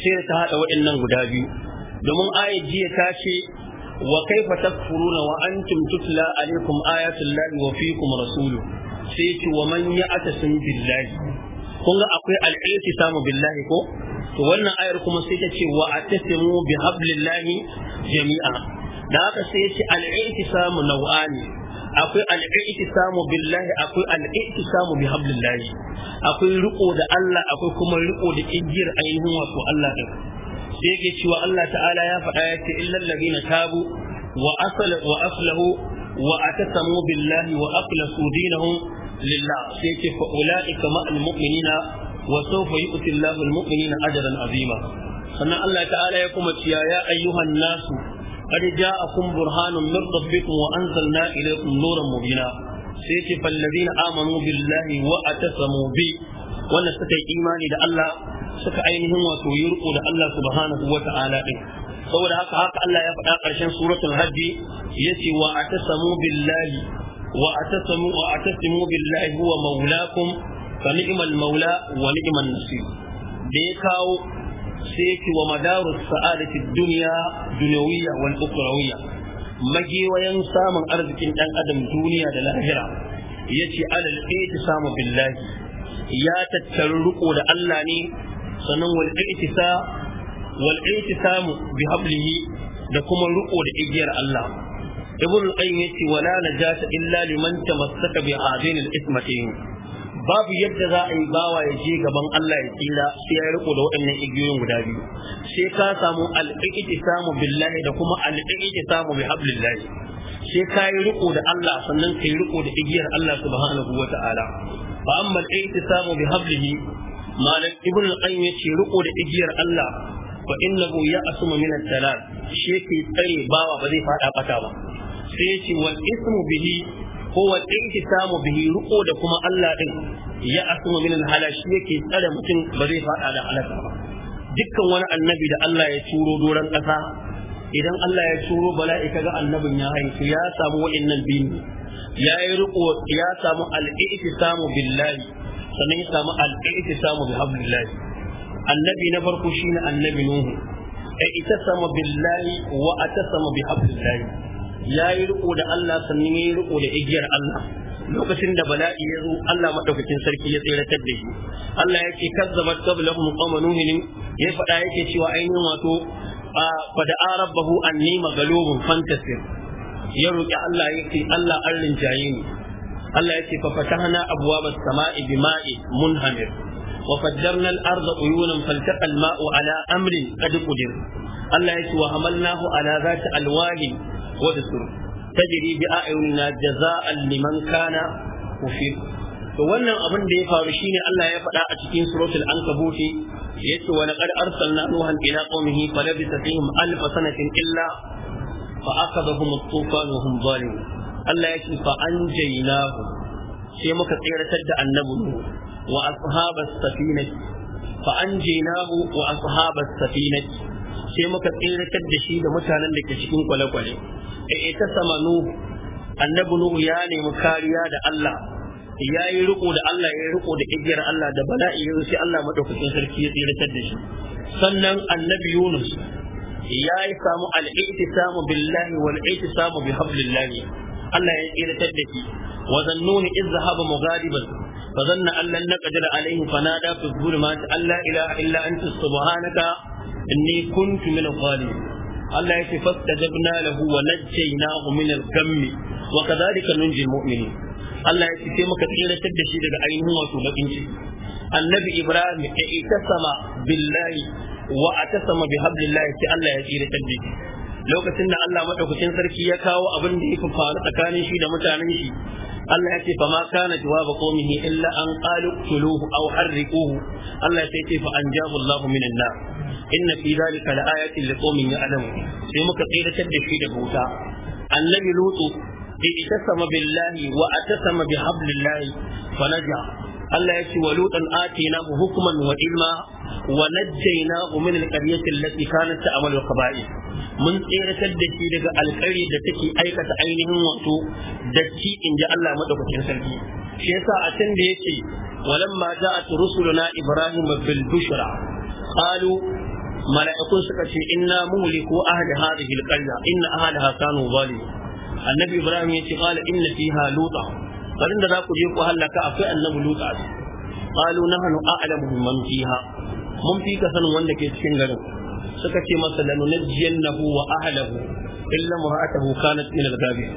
sai ta hada waɗannan guda biyu domin ayat jiya ta ce وكيف تكفرون وأنتم تتلى عليكم آيات الله وفيكم رسوله سيت ومن يأتسم بالله kun ga akwai al'aiki samu billahi ko to wannan ayar kuma sai ta ce wa atasimu bi jami'a al'aiki samu akwai al'aiki samu billahi akwai al'aiki samu bi akwai riko da Allah akwai kuma riko da igiyar ainihin wato Allah din sai yake cewa Allah ta'ala ya faɗa ya ce illal ladina tabu wa asal wa aflahu wa atasamu billahi wa aflasu dinahum lillah sai yake fa ulaika ma'al mu'minina wa sawfa yu'ti Allahu al mu'minina ajran azima sannan Allah ta'ala ya kuma ciya ya ayyuhan nasu قد جاءكم برهان من ربكم وأنزلنا إليكم نورا مبينا سيتي فالذين آمنوا بالله وأتسموا بي وأن ستي إيماني suka ainihin wato yi riko da Allah subhanahu wa ta'ala din saboda haka haka Allah ya faɗa ƙarshen suratul hajji yace wa atasamu billahi wa atasamu wa atasimu billahi huwa maulakum fa ni'mal maula wa ni'man nasir da ya kawo sai ki wa madaru sa'adati dunya dunyawiyya wal ukhrawiyya magewayan samun arzikin dan adam duniya da lahira yace alal samu billahi ya tattaru riko da Allah ne sannan wal ittisa bi hablihi da kuma ruko da igiyar Allah ibn al-qayyim yace wala najata illa liman tamassaka bi hadin al-ismatin babu yadda za a yi bawa ya je gaban Allah ya tsira sai ya riko da waɗannan igiyoyin guda biyu sai ka samu al-iqtisamu billahi da kuma al samu bi hablillahi sai ka yi riko da Allah sannan ka yi riko da igiyar Allah subhanahu wata'ala fa amma al samu bi hablihi malam ibn al-qayyim yace riko da igiyar Allah fa innahu ya'sumu min at-talal shi yake tsare bawa ba zai fada bata ba sai yace wal ismu bihi ko wal intisamu bihi riko da kuma Allah din ya'sumu min al-halal shi yake tsare mutum ba zai fada da halaka ba dukkan wani annabi da Allah ya turo doron ƙasa idan Allah ya turo bala'i kaga annabin ya haifu ya samu wa'annan bini, ya yi riko ya samu al-i'tisamu billahi sannan ya samu al'aiti samu bi hablillahi annabi na farko shine annabi nuhu ai ita sama billahi wa atasama bi hablillahi yayi riko da Allah sannan yayi riko da igiyar Allah lokacin da bala'i ya zo Allah madaukakin sarki ya tsiratar da shi Allah ya ce kazzabat qablahum qawmun nuhin ya faɗa yake cewa ainihin wato fada rabbahu anni maghlubun fantasir ya roki Allah yake Allah an rinjaye ni Allah ce fa fatahna abwaba as-sama'i bima'i munhamir wa fajjarna al-arda uyunan faltaqa al-ma'u ala amrin qad qudir Allah ce wa hamalnahu ala zati alwahi wa dusur tajri bi a'yunina jazaa'an liman kana kufir to wannan abin da ya faru shine Allah ya faɗa a cikin suratul ankabut yace wa laqad arsalna nuhan ila qaumihi falabisa fihim alf sanatin illa fa akhadhahum at-tufan wa hum zalimun Allah ya ce fa anjaynahu sai muka tsiratar da annabi wa ashabas safinati fa anjaynahu wa ashabas safinati sai muka tsiratar da shi da mutanen da ke cikin kwale-kwale e, e ta samanu annabi nuhu ya nemi kariya da Allah ya yi riko da Allah ya yi riko da igiyar Allah da bala'i ya sai Allah madaukakin sarki ya tsiratar da shi sannan annabi Yunus ya yi samu al'itisamu billahi wal ittisamu bi hablillahi Allah ya tsiratar da shi wa zannuni iz zahaba mughadiban fa zanna allan naqdira alaihi fanada fi dhulumat alla ilaha illa anta subhanaka inni kuntu min adh-dhalimin Allah yake fastajabna lahu wa najjaynahu min al-gammi wa kadhalika nunji al-mu'minin Allah yake sai muka tsiratar da shi daga ainihin wato bakin annabi Ibrahim ya itasama billahi wa atasama bihablillahi sai Allah ya tsiratar da shi lokacin da Allah madaukakin sarki ya kawo abin da yake faru tsakanin shi da mutanen shi Allah ya ce fa ma kana jawaba qaumihi illa an qalu quluhu aw harriquhu Allah ya ce fa anjahu Allah minan nar inna fi dhalika laayatin liqaumin ya'lamun sai muka tsiratar da shi daga wuta annabi lutu bi itasama billahi wa atasama bi hablillahi fanaja Allah ya ce wa lutan atina hukman wa ilma wa najjayna min alqaryati allati kanat ta'malu qaba'is mun tsiratar da shi daga alƙari da take aikata ainihin wato datti inji Allah madaukakin sarki shi yasa a can da yake walamma ja'at rusuluna ibrahim bil bushra qalu mala'ikun suka ce inna muliku ahli hadhihi alqarya inna ahlaha kanu zalimin annabi ibrahim yace qala inna fiha lutan garin da za ku je ku hallaka akwai annabi Lutsa a su qalu nahnu a'lamu man fiha mun fi ka sanin wanda ke cikin garin suka ce masa lanunajjiyannahu wa ahlahu illa mar'atahu kanat min al-ghabi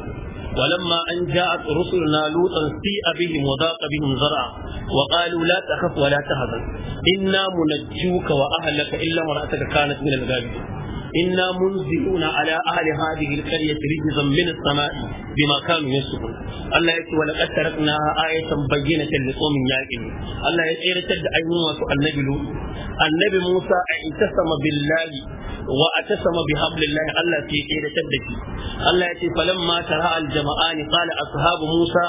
ولما أن جاءت رسلنا لوطا سيء بهم وضاق بهم زرعا وقالوا لا تخف ولا تهزن إنا منجوك وأهلك إلا امرأتك كانت من الغابرين inna munziluna ala ahli hadhihi alqaryati rijzan min as-sama'i bima kanu yasbun Allah yake wa laqad tarakna ayatan bayyinatan liqawmin yaqin Allah ya tsiratar da ayyun wasu annabi lu annabi Musa a itasama billahi wa atasama bihablillahi Allah sai tsiratar da shi Allah ya ce Musa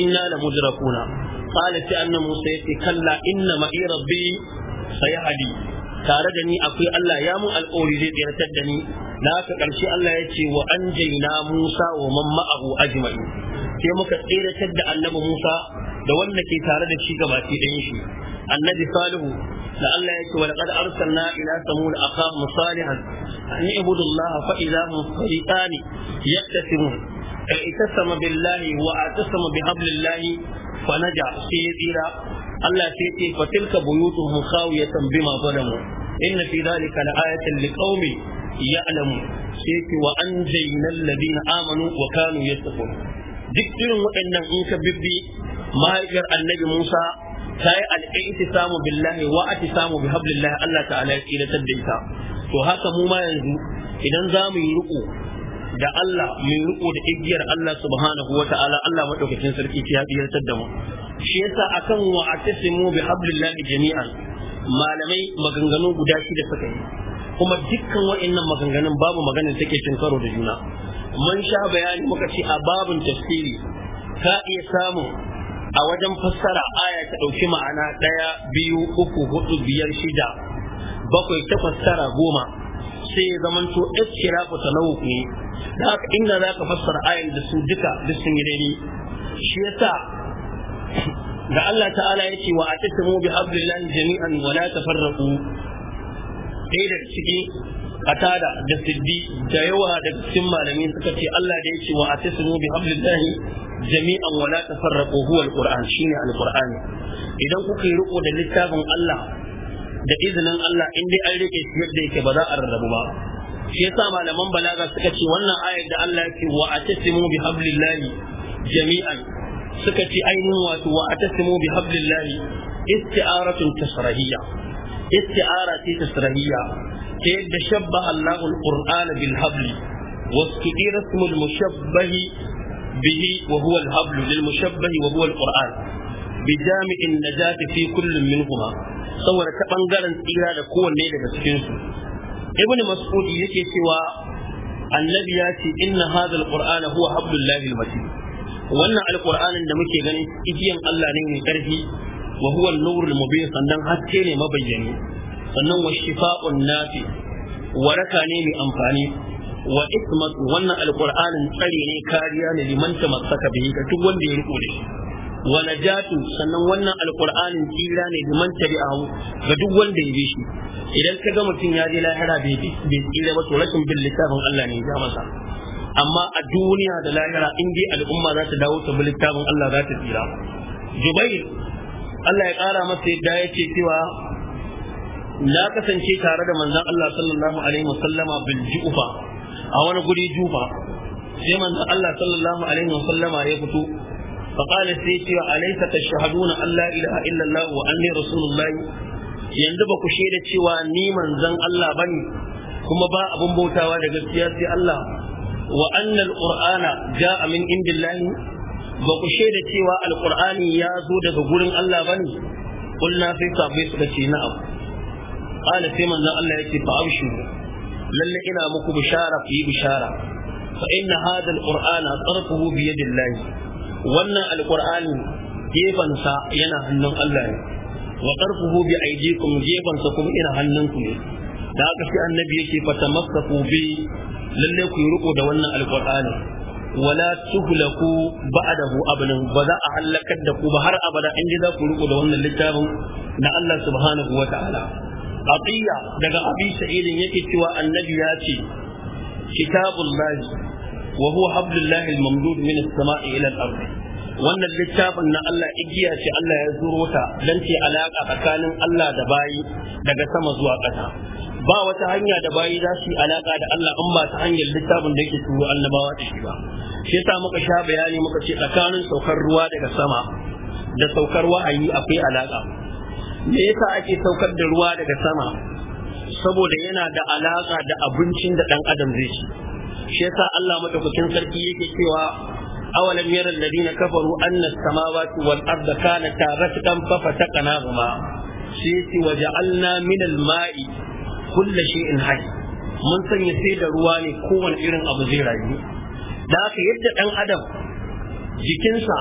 inna lamudrakuna قالت أن موسى كلا إن معي ربي سيهدي tare da ni akwai Allah ya mun alƙawari zai tsirtar da ni na haka ƙarshe Allah ya ce wa an jaina Musa wa man ma'ahu ajma'i sai muka tsiratar da annabi Musa da wanda ke tare da shi gabaki ɗayan shi annabi Salihu da Allah ya ce wa laqad arsalna ila samud aqam salihan an ibudu Allah fa idza hum fariqani yaktasimun ai itasama billahi wa atasama bihablillahi fa naja sai Allah sai ce fa tilka buyutuhum khawiyatan bima zalamu inna fi dhalika la'ayatan liqaumin ya'lamun sai ce wa anjayna alladhina amanu wa kanu yattaqun duk irin waɗannan in ka bibbi mahaifiyar annabi Musa ta yi al'aiti samu billahi wa ati samu bi hablillahi Allah ta'ala ya tsiratar da ita to haka mu ma yanzu idan za mu yi riko da Allah mai riko da igiyar Allah subhanahu wata'ala Allah madaukakin sarki ya biyartar da mu shi yasa akan wa atasimu bi hablillahi jami'an malamai maganganu guda da suka yi kuma dukkan wa'annan maganganun babu magana take cin karo da juna mun sha bayani muka ce a babun tafsiri ka iya samu a wajen fassara aya ta dauki ma'ana ɗaya biyu uku hudu biyar shida bakwai ta fassara goma sai ya zama to ikhtirafu talawuf ne da haka inda za ka fassara ayan da su duka duk sun yi daidai shi yasa da Allah ta'ala yake wa mu bi hablillahi jami'an wa la tafarraqu sai da ciki qatada da siddi da yawa daga cikin malami suka ce Allah da yake wa mu bi hablillahi jami'an wa la tafarraqu huwa alquran shine alqur'ani idan kuka yi riko da littafin Allah da izinin Allah in dai an rike shi yadda yake ba za a rarrabu ba shi yasa malaman balaga suka ce wannan ayar da Allah yake wa atasimu bi hablillahi jami'an suka ce ainihin wato wa atasimu bi hablillahi isti'aratun tasrahiyya isti'ara ce tasrahiyya ta yadda shabba Allahu al-Qur'an bil habli واستدير اسم المشبه به وهو الهبل للمشبه وهو القرآن بجامع النجاة في كل منهما saboda ta bangaren tsira da kowanne daga cikin su ibn mas'ud yake cewa annabi ya ce inna hadha alqur'ana huwa hablullahi almatin wannan alqur'anin da muke ganin, igiyan Allah ne mai karfi wa huwa an-nurul mubin sannan haske ne mabayyani sannan wa shifa'un nafi waraka ne mai amfani wa ismat wannan alqur'anin tsare ne kariya ne liman tamassaka bihi ga duk wanda ya riko da shi wa jatu sannan wannan alqur'anin tsira ne liman tabi'ahu ga duk wanda ya bi shi idan ka ga mutum ya je lahira bai bai tsira ba to rashin bin littafin Allah ne ya masa amma a duniya da lahira in dai al'umma za ta dawo ta bi littafin Allah za ta tsira Jubair Allah ya kara masa yadda ce cewa na kasance tare da manzon Allah sallallahu alaihi jufa a wani sai manzon Allah sallallahu alaihi ya fito فقال سيتي أليس تشهدون أن لا إله إلا الله وأني رسول الله yanzu ba ku shaida cewa ni manzon Allah bane kuma ba abun bautawa da gaskiya sai Allah wa annal qur'ana ja'a min indillahi ba ku shaida cewa alqur'ani ya zo daga wurin Allah bane kulna sai sabai suka ce na'am qala sai manzon Allah yake fa abshu Lallai ina muku bishara bishara fa inna hadha alqur'ana tarfuhu bi wannan alkur'ani gefansa yana hannun Allah ne wa qarfuhu bi aydikum gefansa kuma ina hannunku ne da haka sai annabi yake fatamassaku bi lalle ku riko da wannan alqur'ani wala tuhlaku ba'dahu abadan ba za a halakar da ku ba har abada in za ku riko da wannan littafin na Allah subhanahu wa ta'ala aqiya daga abi sa'idin yake cewa annabi ya ce kitabullahi wa huwa hablullahi al-mamdud min as-sama'i wannan littafin na Allah igiya ce Allah ya zuro ta dan ce alaka tsakanin Allah da bayi daga sama zuwa ƙasa ba wata hanya da bayi za su yi alaka da Allah in ba ta hanyar littafin da yake turo annabawa da shi ba shi yasa muka sha bayani muka ce tsakanin saukar ruwa daga sama da saukar wahayi akwai alaka me yasa ake saukar da ruwa daga sama saboda yana da alaka da abincin da dan adam zai ci shi yasa Allah madaukakin sarki yake cewa awalam yara alladhina kafaru anna as-samawati wal arda kanata ratqan fa fataqnahuma shi yace waja'alna min al-ma'i kulli shay'in hayy mun sanya sai da ruwa ne kowane irin abu zai rayu da haka yadda dan adam jikinsa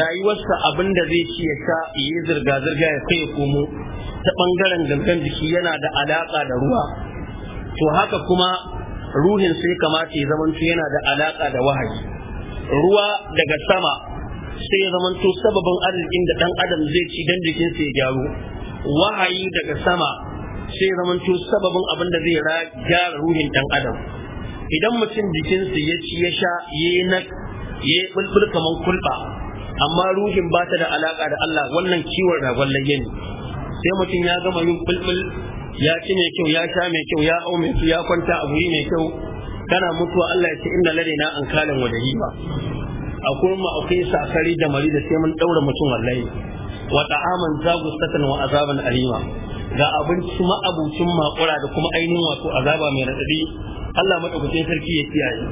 rayuwarsa abin da zai ci ya sha yi zirga-zirga ya kai komo ta bangaren gangan jiki yana da alaka da ruwa to haka kuma ruhin sai kamata ya zamanto yana da alaka da wahayi ruwa daga sama sai ya zamanto sababin arzikin da dan adam zai ci dan jikinsa ya gyaru wahayi daga sama sai ya zamanto sababin abin da zai gyara ruhin dan adam idan mutum jikinsa ya ci ya sha ya yi na ya yi bulbul kaman kulba amma ruhin ba ta da alaka da Allah wannan kiwon ragon layya ne sai mutum ya gama yin bulbul ya ci mai kyau ya sha mai kyau ya au mai kyau ya kwanta a guri mai kyau kana mutuwa Allah ya ce inna ladaina an kalin wa dahiba akwai mu akwai sakari da mari da sai mun daura mutum wallahi wa ta'aman satan wa azaban alima ga abinci ma'abucin makura da kuma ainihin wato azaba mai radadi Allah madaukakin sarki ya kiyaye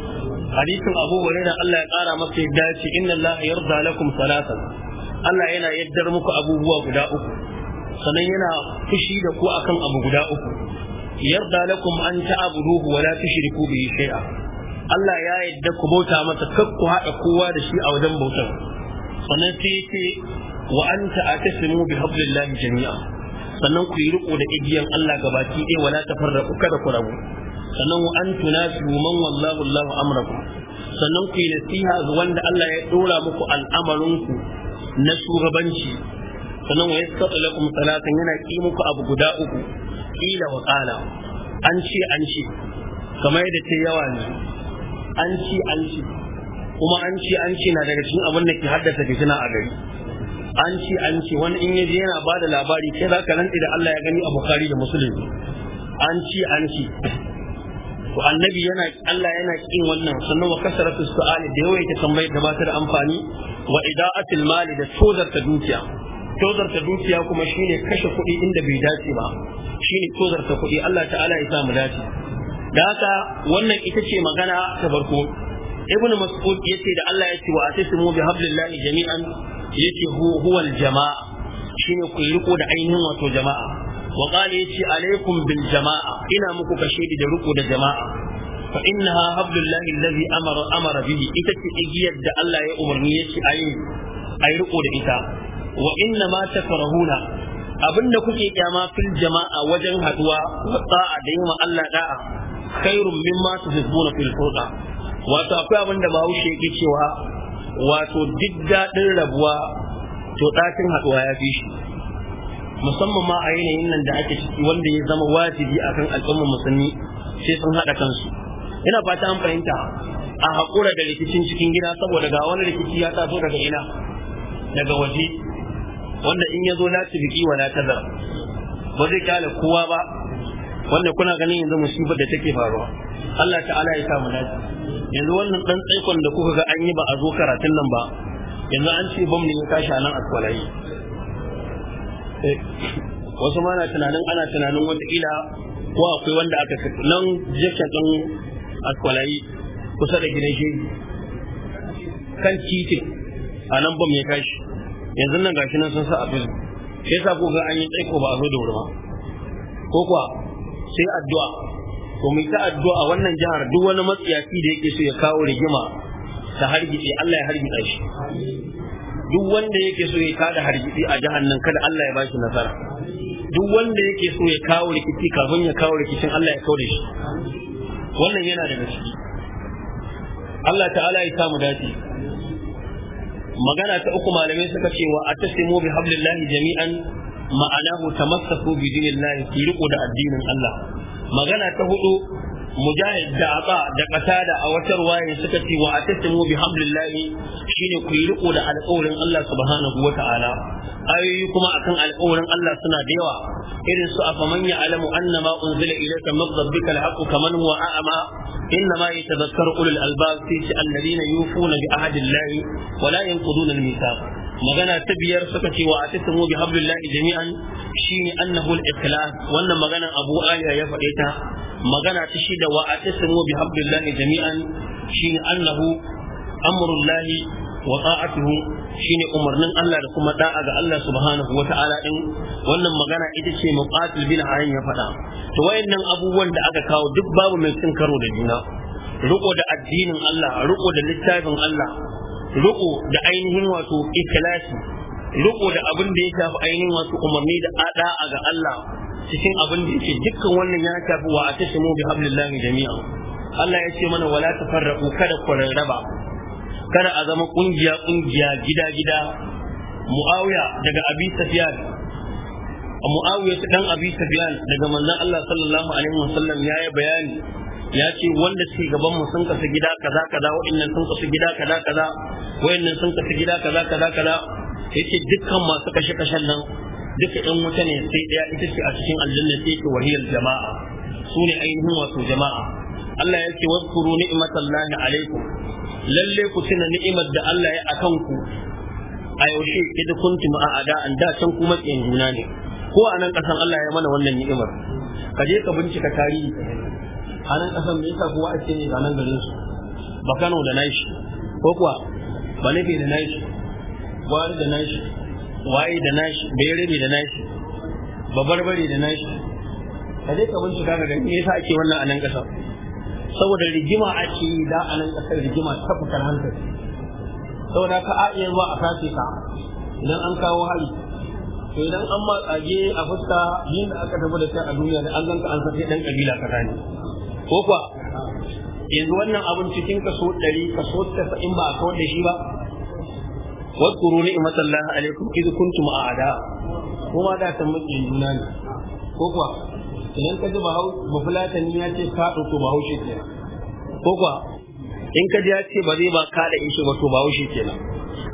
hadisin Abu Hurairah Allah ya kara masa yadda ya ce inna Allah yarda lakum salatan Allah yana yaddar muku abubuwa guda uku sannan yana fushi da ku akan abu guda uku yarda lakum an ta'buduhu wa la tushriku bihi shay'a Allah ya yadda ku bauta masa kar ku haɗa kowa da shi a wajen bautar sannan sai ce wa anta atasimu bi hablillahi jami'a sannan ku yi riko da igiyan Allah gabaki ɗaya wala tafarraqu kada ku rabu sannan wa an tunasibu man wallahu Allahu amrakum sannan ku yi nasiha ga wanda Allah ya dora muku al'amarin ku na shugabanci sannan wa yastatu lakum salatan yana ki muku abu guda uku kila wa qala an ce an ce kamar yadda ce yawa ne an ce an ce kuma an ce an ce na daga cikin abin da ke haddasa fitina a gari an ce an ce wani in yaje yana ba da labari sai za ka rantsi da Allah ya gani a Bukhari da Muslim an ce an ce to annabi yana Allah yana kin wannan sannan wa kasaratu su'ali da yawa yake tambayar da ba ta da amfani wa ida'atil mali da tozarta dukiya tozarta dukiya kuma shine kashe kuɗi inda bai dace ba shine tozarta kuɗi Allah ta'ala ya samu mu dace da haka wannan ita ce magana ta farko ibnu mas'ud yace da Allah ya ce wa atasimu bi hablillahi jami'an yace huwa al-jama'a shine ku riko da ainihin wato jama'a wa qala yace alaikum bil jama'a ina muku kashe da riko da jama'a fa innaha hablullahi allazi amara amara bihi ita ce igiyar da Allah ya umarni yace ayi ayi riko da ita wa inna ma takrahuna abinda kuke kyama fil jama'a wajen haduwa wa ta'a da yin Allah da'a khairun mimma tuhibbuna fil furqa wato akwai abinda Bahaushe yake cewa wato duk dadin rabuwa to dakin haɗuwa ya fi shi musamman ma a yanayin nan da ake ciki wanda ya zama wajibi akan al'ummar musulmi sai sun hada kansu ina fata an fahimta a haƙura da rikicin cikin gida saboda ga wani rikici ya taso daga ina daga waje wanda in ya zo la tubqi wa na tazar ba zai kyale kowa ba wanda kuna ganin yanzu musibar da take faruwa Allah ta'ala ya samu mu yanzu wannan dan tsaikon da kuka ga an yi ba a zo karatun nan ba yanzu an ce bam ne ya tashi a nan aswalayi eh, wasu ma na tunanin ana tunanin watakila ko akwai wanda aka fi nan jikin ɗin aswalayi kusa da gine shi kan titin a nan bam ya tashi yanzu nan gashi nan sun sa a fuzi sai sa ko ga an yi tsaiko ba a zo da wuri ba ko kuwa sai addu'a ko mu ta addu'a a wannan jihar duk wani matsiyaci da yake so ya kawo rigima ta hargitse Allah ya hargitsa shi duk wanda yake so ya kada hargitse a jihar nan kada Allah ya bashi nasara duk wanda yake so ya kawo rikici kafin ya kawo rikicin Allah ya kawo shi wannan yana daga ciki Allah ta'ala ya samu dace magana ta uku malamai suka ce wa atasimu bi hablillahi jami'an ma'anahu tamassaku bi dinillahi ki riko da addinin Allah magana ta hudu mujahid da atsa da qatada a wata ruwaya suka ce wa atasimu bi hablillahi shine ku yi riko da alƙawarin Allah subhanahu wata'ala ayoyi kuma akan alƙawarin Allah suna da yawa irin su afaman alamu, annama unzila ilayka min rabbika alhaq kaman huwa a'ma innama yatadhakkaru ulul albab fi alladhina yufuna bi ahdillahi wa la yanquduna almithaq magana ta biyar suka ce wa atasimu bi hablillahi jami'an shine annahu al-ikhlas wannan magana Abu Aliya ya faɗe ta magana ta shida wa atasimu bi hablillahi jami'an shine annahu amrullahi wa ta'atuhu shine umarnin Allah da kuma da'a ga Allah subhanahu wa ta'ala din wannan magana ita ce muqatil bin hayyan ya faɗa to wayannan abubuwan da aka kawo duk babu mai cin karo da juna riko da addinin Allah riko da littafin Allah riko da ainihin wato ikhlasi riko da abin da ya shafi ainihin wato umarni da da'a ga Allah cikin abin da yake dukkan wannan ya tafi wa atashimu bi hablillahi jami'a Allah ya ce mana wala tafarraqu kada ku rarraba kada a zama kungiya kungiya gida gida Muawiya daga Abi Sufyan Muawiya dan Abi Sufyan daga manzon Allah sallallahu alaihi wasallam yi bayani ya ce wanda ke gaban mu sun kasu gida kaza kaza wa'annan sun kasu gida kaza kaza wa'annan sun kasu gida kaza kaza kaza yace dukkan masu kashe kashen nan duka ɗan wuta ne sai ɗaya ita ce a cikin aljanna sai ke wahiyar jama'a su ne ainihin wato jama'a Allah ya ce waskuru ni'matallahi alaikum lalle ku tuna ni'imar da Allah ya akan ku a yaushe idan kun tuma a ada an da can kuma tsayin juna ne ko a nan kasan Allah ya mana wannan ni'imar ka je ka bincika tarihi a nan kasan me yasa kowa ake ne nan garin su bakano da nashi ko kuwa ba nufi da nashi gwari da nashi waye da nashi bai rabe da nashi babarbare da nashi ka je ka bincika ga gani yasa ake wannan a nan kasa? saboda rigima ake yi da a nan ƙasar rigima ta fitar hankali saboda ka a iya zuwa a sace ka idan an kawo hali. to idan an ma tsage a fuska yin da aka tafi da kai a duniya da an ganka an sace dan kabila ka ne ko kuwa yanzu wannan abin cikin kaso ɗari kaso tasa'in ba a kawar da shi ba واذكروا نعمة الله عليكم إذ كنتم أعداء وما دا تمجي جنان كوكوا إذن كجب هاو بفلاتا نياتي كاتو تباو شكرا كوكوا in ka ya ce ba zai ba ka da ishi ba to ba haushi kenan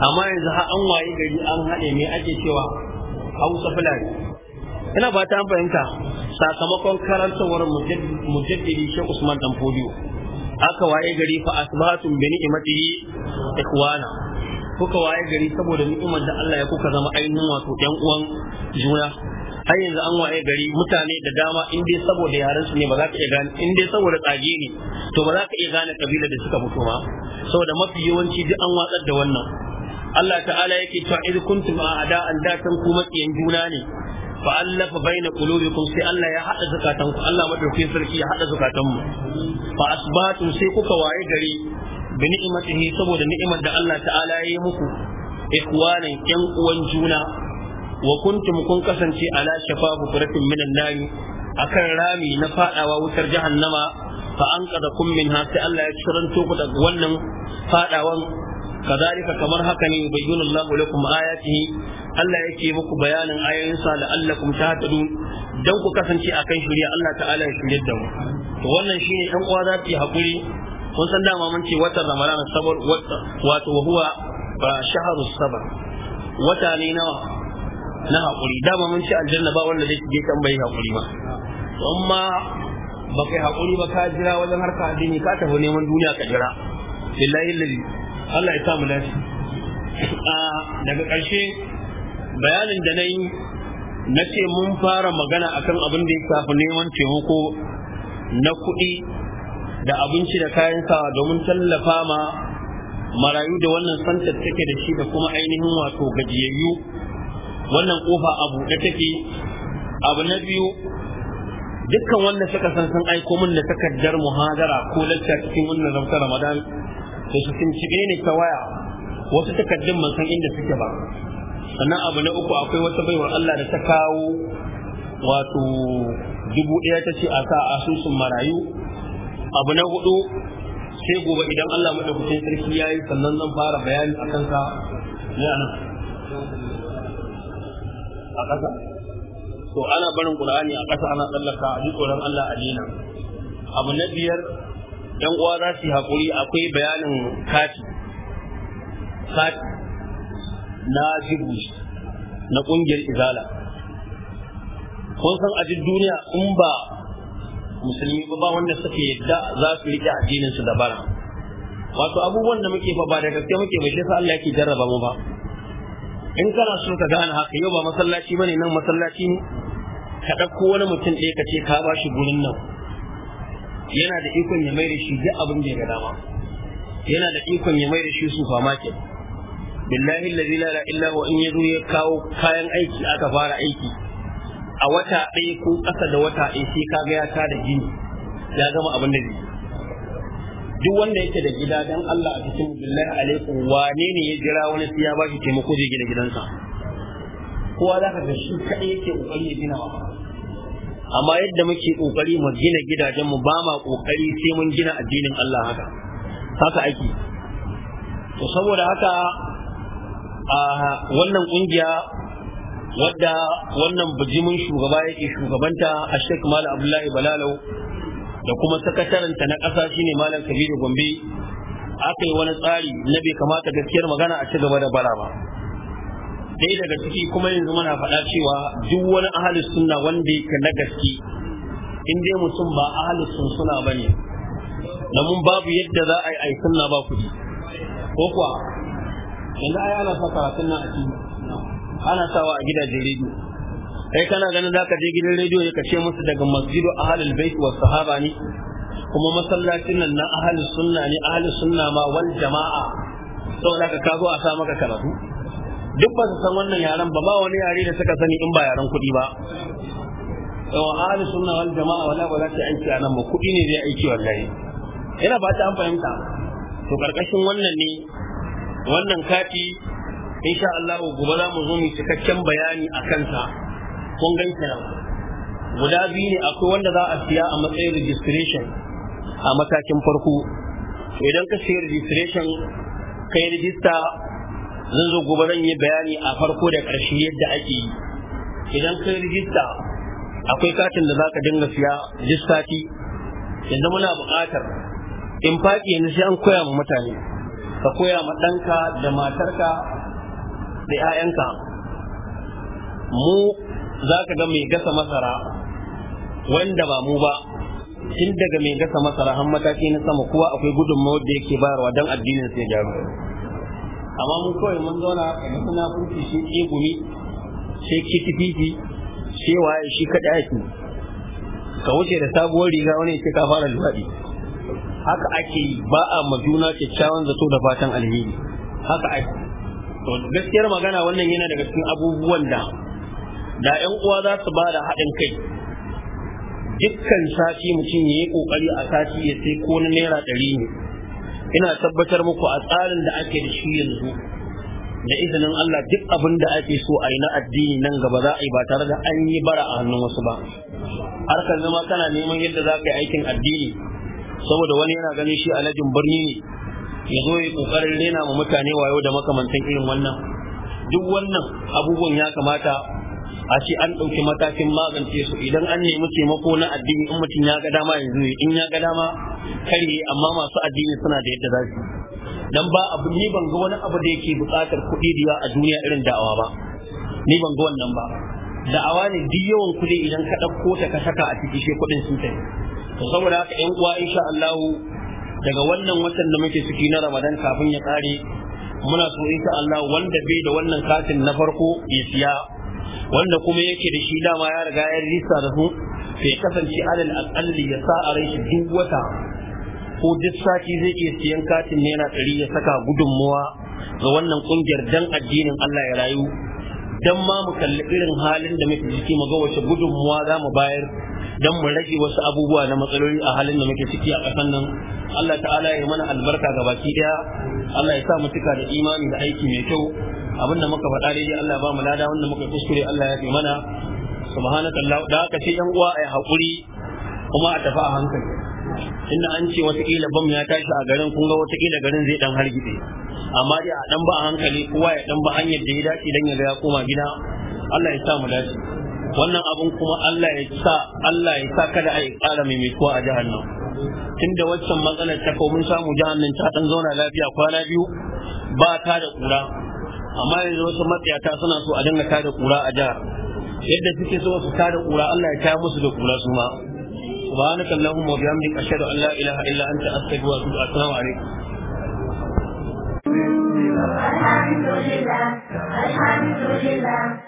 amma yanzu ha an waye gari an haɗe me ake cewa hausa fulani ina ba fahimta sakamakon karantawar mujaddidi shi usman dan aka waye gari fa asbahatum bi ni'matihi ikhwana kuka waye gari saboda ni'imar da Allah ya kuka zama ainihin wato ɗan uwan juna har yanzu an waye gari mutane da dama in dai saboda yaran su ne ba za ka iya gane in dai saboda tsage ne to ba za ka iya gane kabilar da suka mutu ma saboda mafi yawanci duk an watsar da wannan Allah ta'ala yake cewa idh kuntum a'da'an da tan ku makiyan juna ne fa allafa baina qulubikum sai Allah ya hada zakatan ku Allah madaukakin sarki ya hada zakatan mu fa asbatu sai kuka waye gari bi ni'imatihi saboda ni'imar da Allah ta'ala ya yi muku ikhwanan yan uwan juna wa kuntum kun kasance ala shafafu furatin minan nari akan rami na fadawa wutar jahannama fa an kada kun minha sai Allah ya ciranto ku daga wannan fadawan kadalika kamar haka ne bayyana Allah lakum ayatihi Allah yake muku bayanin ayoyinsa la'allakum tahtadun dan ku kasance akan shari'a Allah ta'ala ya shirye da mu to shine ɗan uwa za hakuri kun san dama mun ce watan ramadan sabar wato wa huwa shahru sabar wata ne nawa na hakuri dama mun ce aljanna ba wanda zai je kan bai hakuri ba amma ba kai hakuri ba ka jira wajen harka addini ka tafi neman duniya ka jira lillahi lillahi Allah ya samu lafi daga ƙarshe bayanin da na yi na ce mun fara magana akan abin da ya shafi neman taimako na kuɗi da abinci da kayan sawa domin tallafa ma marayu da wannan santar take da shi da kuma ainihin wato gajiyayyu wannan kofa a buɗe take abu na biyu dukkan wanda suka san sun aiko min da takardar muhadara ko lacca cikin wannan rabta ramadan to su sun cibe ne ta waya wasu takardun ban san inda suke ba sannan abu na uku akwai wata baiwar Allah da ta kawo wato dubu ɗaya ta ce a sa asusun marayu abu na hudu sai gobe idan Allah madaukakin sarki ya yi sannan zan fara bayani a kansa ne nan a ƙasa to ana barin qur'ani a ƙasa ana tsallaka a ji tsoron Allah a dina abu na biyar yan uwa za su yi hakuri akwai bayanin kati kati na jibu na ƙungiyar izala kun san a duniya in ba musulmi ba ba wanda suka yadda za su riƙe addinin su da wato abubuwan da muke fa ba da gaske muke bai shi sa Allah yake jarraba mu ba in kana so ka gane haka yau ba masallaci bane nan masallaci ne ka ɗauko wani mutum ɗaya ka ce ka ba shi gurin nan yana da ikon ya maida shi duk abin da ya ga dama yana da ikon ya maida shi supermarket billahi allazi la ilaha illa huwa in yazo ya kawo kayan aiki aka fara aiki a wata ɗaya ko ƙasa da wata ɗaya sai ka ga ya da gini ya gama abin da gini duk wanda yake da gida dan Allah a cikin billahi alaikum wane ne ya jira wani sai ya bashi taimako zai gina gidansa kowa za ka ga shi kaɗai yake ƙoƙari ya gina wa amma yadda muke ƙoƙari mu gina gidajenmu ba ma ƙoƙari sai mun gina addinin Allah haka haka ake to saboda haka a wannan ƙungiya wadda wannan bijimin shugaba yake shugabanta a shek mala Abdullahi balalau da kuma sakataranta na ƙasa shine Malam Kabiru Gombe aka yi wani tsari na bai kamata gaskiyar magana a ci gaba da bala ba. Dai daga ciki kuma yanzu mana faɗa cewa duk wani ahalus suna wanda yake na gaske in dai mutum ba ahalus sun suna bane da mun babu yadda za a yi ai suna ba kuɗi ko kuwa yanzu ai ana sa karatun nan a cikin ana sawa a gidajen rediyo kai kana ganin zaka je gidan rediyo ya kace musu daga masjidu ahlul bait wa sahaba ne kuma masallacin nan na ahlus sunna ne ahlus sunna ma wal jama'a da ka kazo a sa maka karatu duk ba su san wannan yaren ba ba wani yare da suka sani in ba yaren kuɗi ba yawa ahli sunna wal jama'a wala wala ta aiki a nan ba kuɗi ne zai aiki wallahi ina ba ta an fahimta to karkashin wannan ne wannan kati In sha Allah gobe za mu zo mu cikakken bayani a kansa kun gan nan guda biyu ne akwai wanda za a siya a matsayin registration a matakin farko idan ka siya registration kai rijista zan zo gobe zan yi bayani a farko da ƙarshe yadda ake yi idan kai rijista akwai katin da za ka dinga siya jistati yanzu muna buƙatar in faɗi yanzu sai an koya ma mutane ka koya ma ɗanka da matarka da 'ya'yanka mu za ka ga mai gasa masara wanda ba mu ba tun daga mai gasa masara har mataki na sama kuwa akwai gudunmawar da yake bayarwa don addinin sai gyaru amma mun kawai mun zauna a suna furci shi tsegumi sai kitififi sai waye shi kaɗa ake ka wuce da sabuwar riga wani ya ce ka fara luwaɗi haka ake ba a majuna kyakkyawan zato da fatan alheri haka ake gaskiyar magana wannan yana daga cikin abubuwan da da yan uwa za su ba da haɗin kai dukkan sati mutum ya yi ƙoƙari a sati ya sai ko na naira ɗari ne ina tabbatar muku a tsarin da ake da shi yanzu da izinin Allah duk abin da ake so a yi na addini nan gaba za a yi ba tare da an yi bara a hannun wasu ba har zama kana neman yadda za ka yi aikin addini saboda wani yana ganin shi alajin birni ne ya zo yi kokarin rena ma mutane wayo da makamantan irin wannan duk wannan abubuwan ya kamata a ce an ɗauki matakin magance su idan an nemi taimako na addini in mutum ya ga dama yanzu in ya ga dama kare amma masu addini suna da yadda za su dan ba abu ni ban ga wani abu da yake buƙatar kuɗi da a duniya irin da'awa ba ni ban ga wannan ba da'awa ne duk yawan kuɗi idan ka ɗauko ta ka saka a ciki shi kuɗin sun tafi to saboda haka ƴan uwa insha Allah daga wannan watan da muke ciki na Ramadan kafin ya tsare muna so insha Allah wanda bai da wannan katin na farko ya siya wanda kuma yake da shi dama ya riga ya risa da su sai kasance alal aqalli ya sa a shi duk wata ko duk sati zai iya siyan katin ne yana tsari ya saka gudunmuwa ga wannan kungiyar dan addinin Allah ya rayu dan ma mu kalli irin halin da muke ciki mu ga wace gudunmuwa za mu bayar dan mu rage wasu abubuwa na matsaloli a halin da muke ciki a ƙasar nan Allah ta'ala ya mana albarka ga baki daya Allah ya sa mu cika da imani da aiki mai kyau abinda muka faɗa daidai Allah ba mu lada wanda muka kuskure Allah ya fi mana subhanakallah da aka ce yan uwa a hakuri kuma a tafi a hankali inda an ce kila bam ya tashi a garin kun ga watakila garin zai dan hargitse amma dai a dan ba a hankali kowa ya dan ba hanyar da ya dace dan ya ga ya koma gida Allah ya sa mu dace wannan abun kuma Allah ya sa Allah ya sa kada a yi ƙara mai a jahannam tunda waccan matsalar ta mun samu jahannan ta dan zauna lafiya kwana biyu ba ta da kura amma yanzu wasu matsiyata suna so a dinga tada kura a jihar yadda suke so su da kura Allah ya ta musu da kura su ma subhanaka allahumma wa bihamdika ashhadu an la ilaha illa anta astaghfiruka wa atubu assalamu alaikum الحمد لله الحمد لله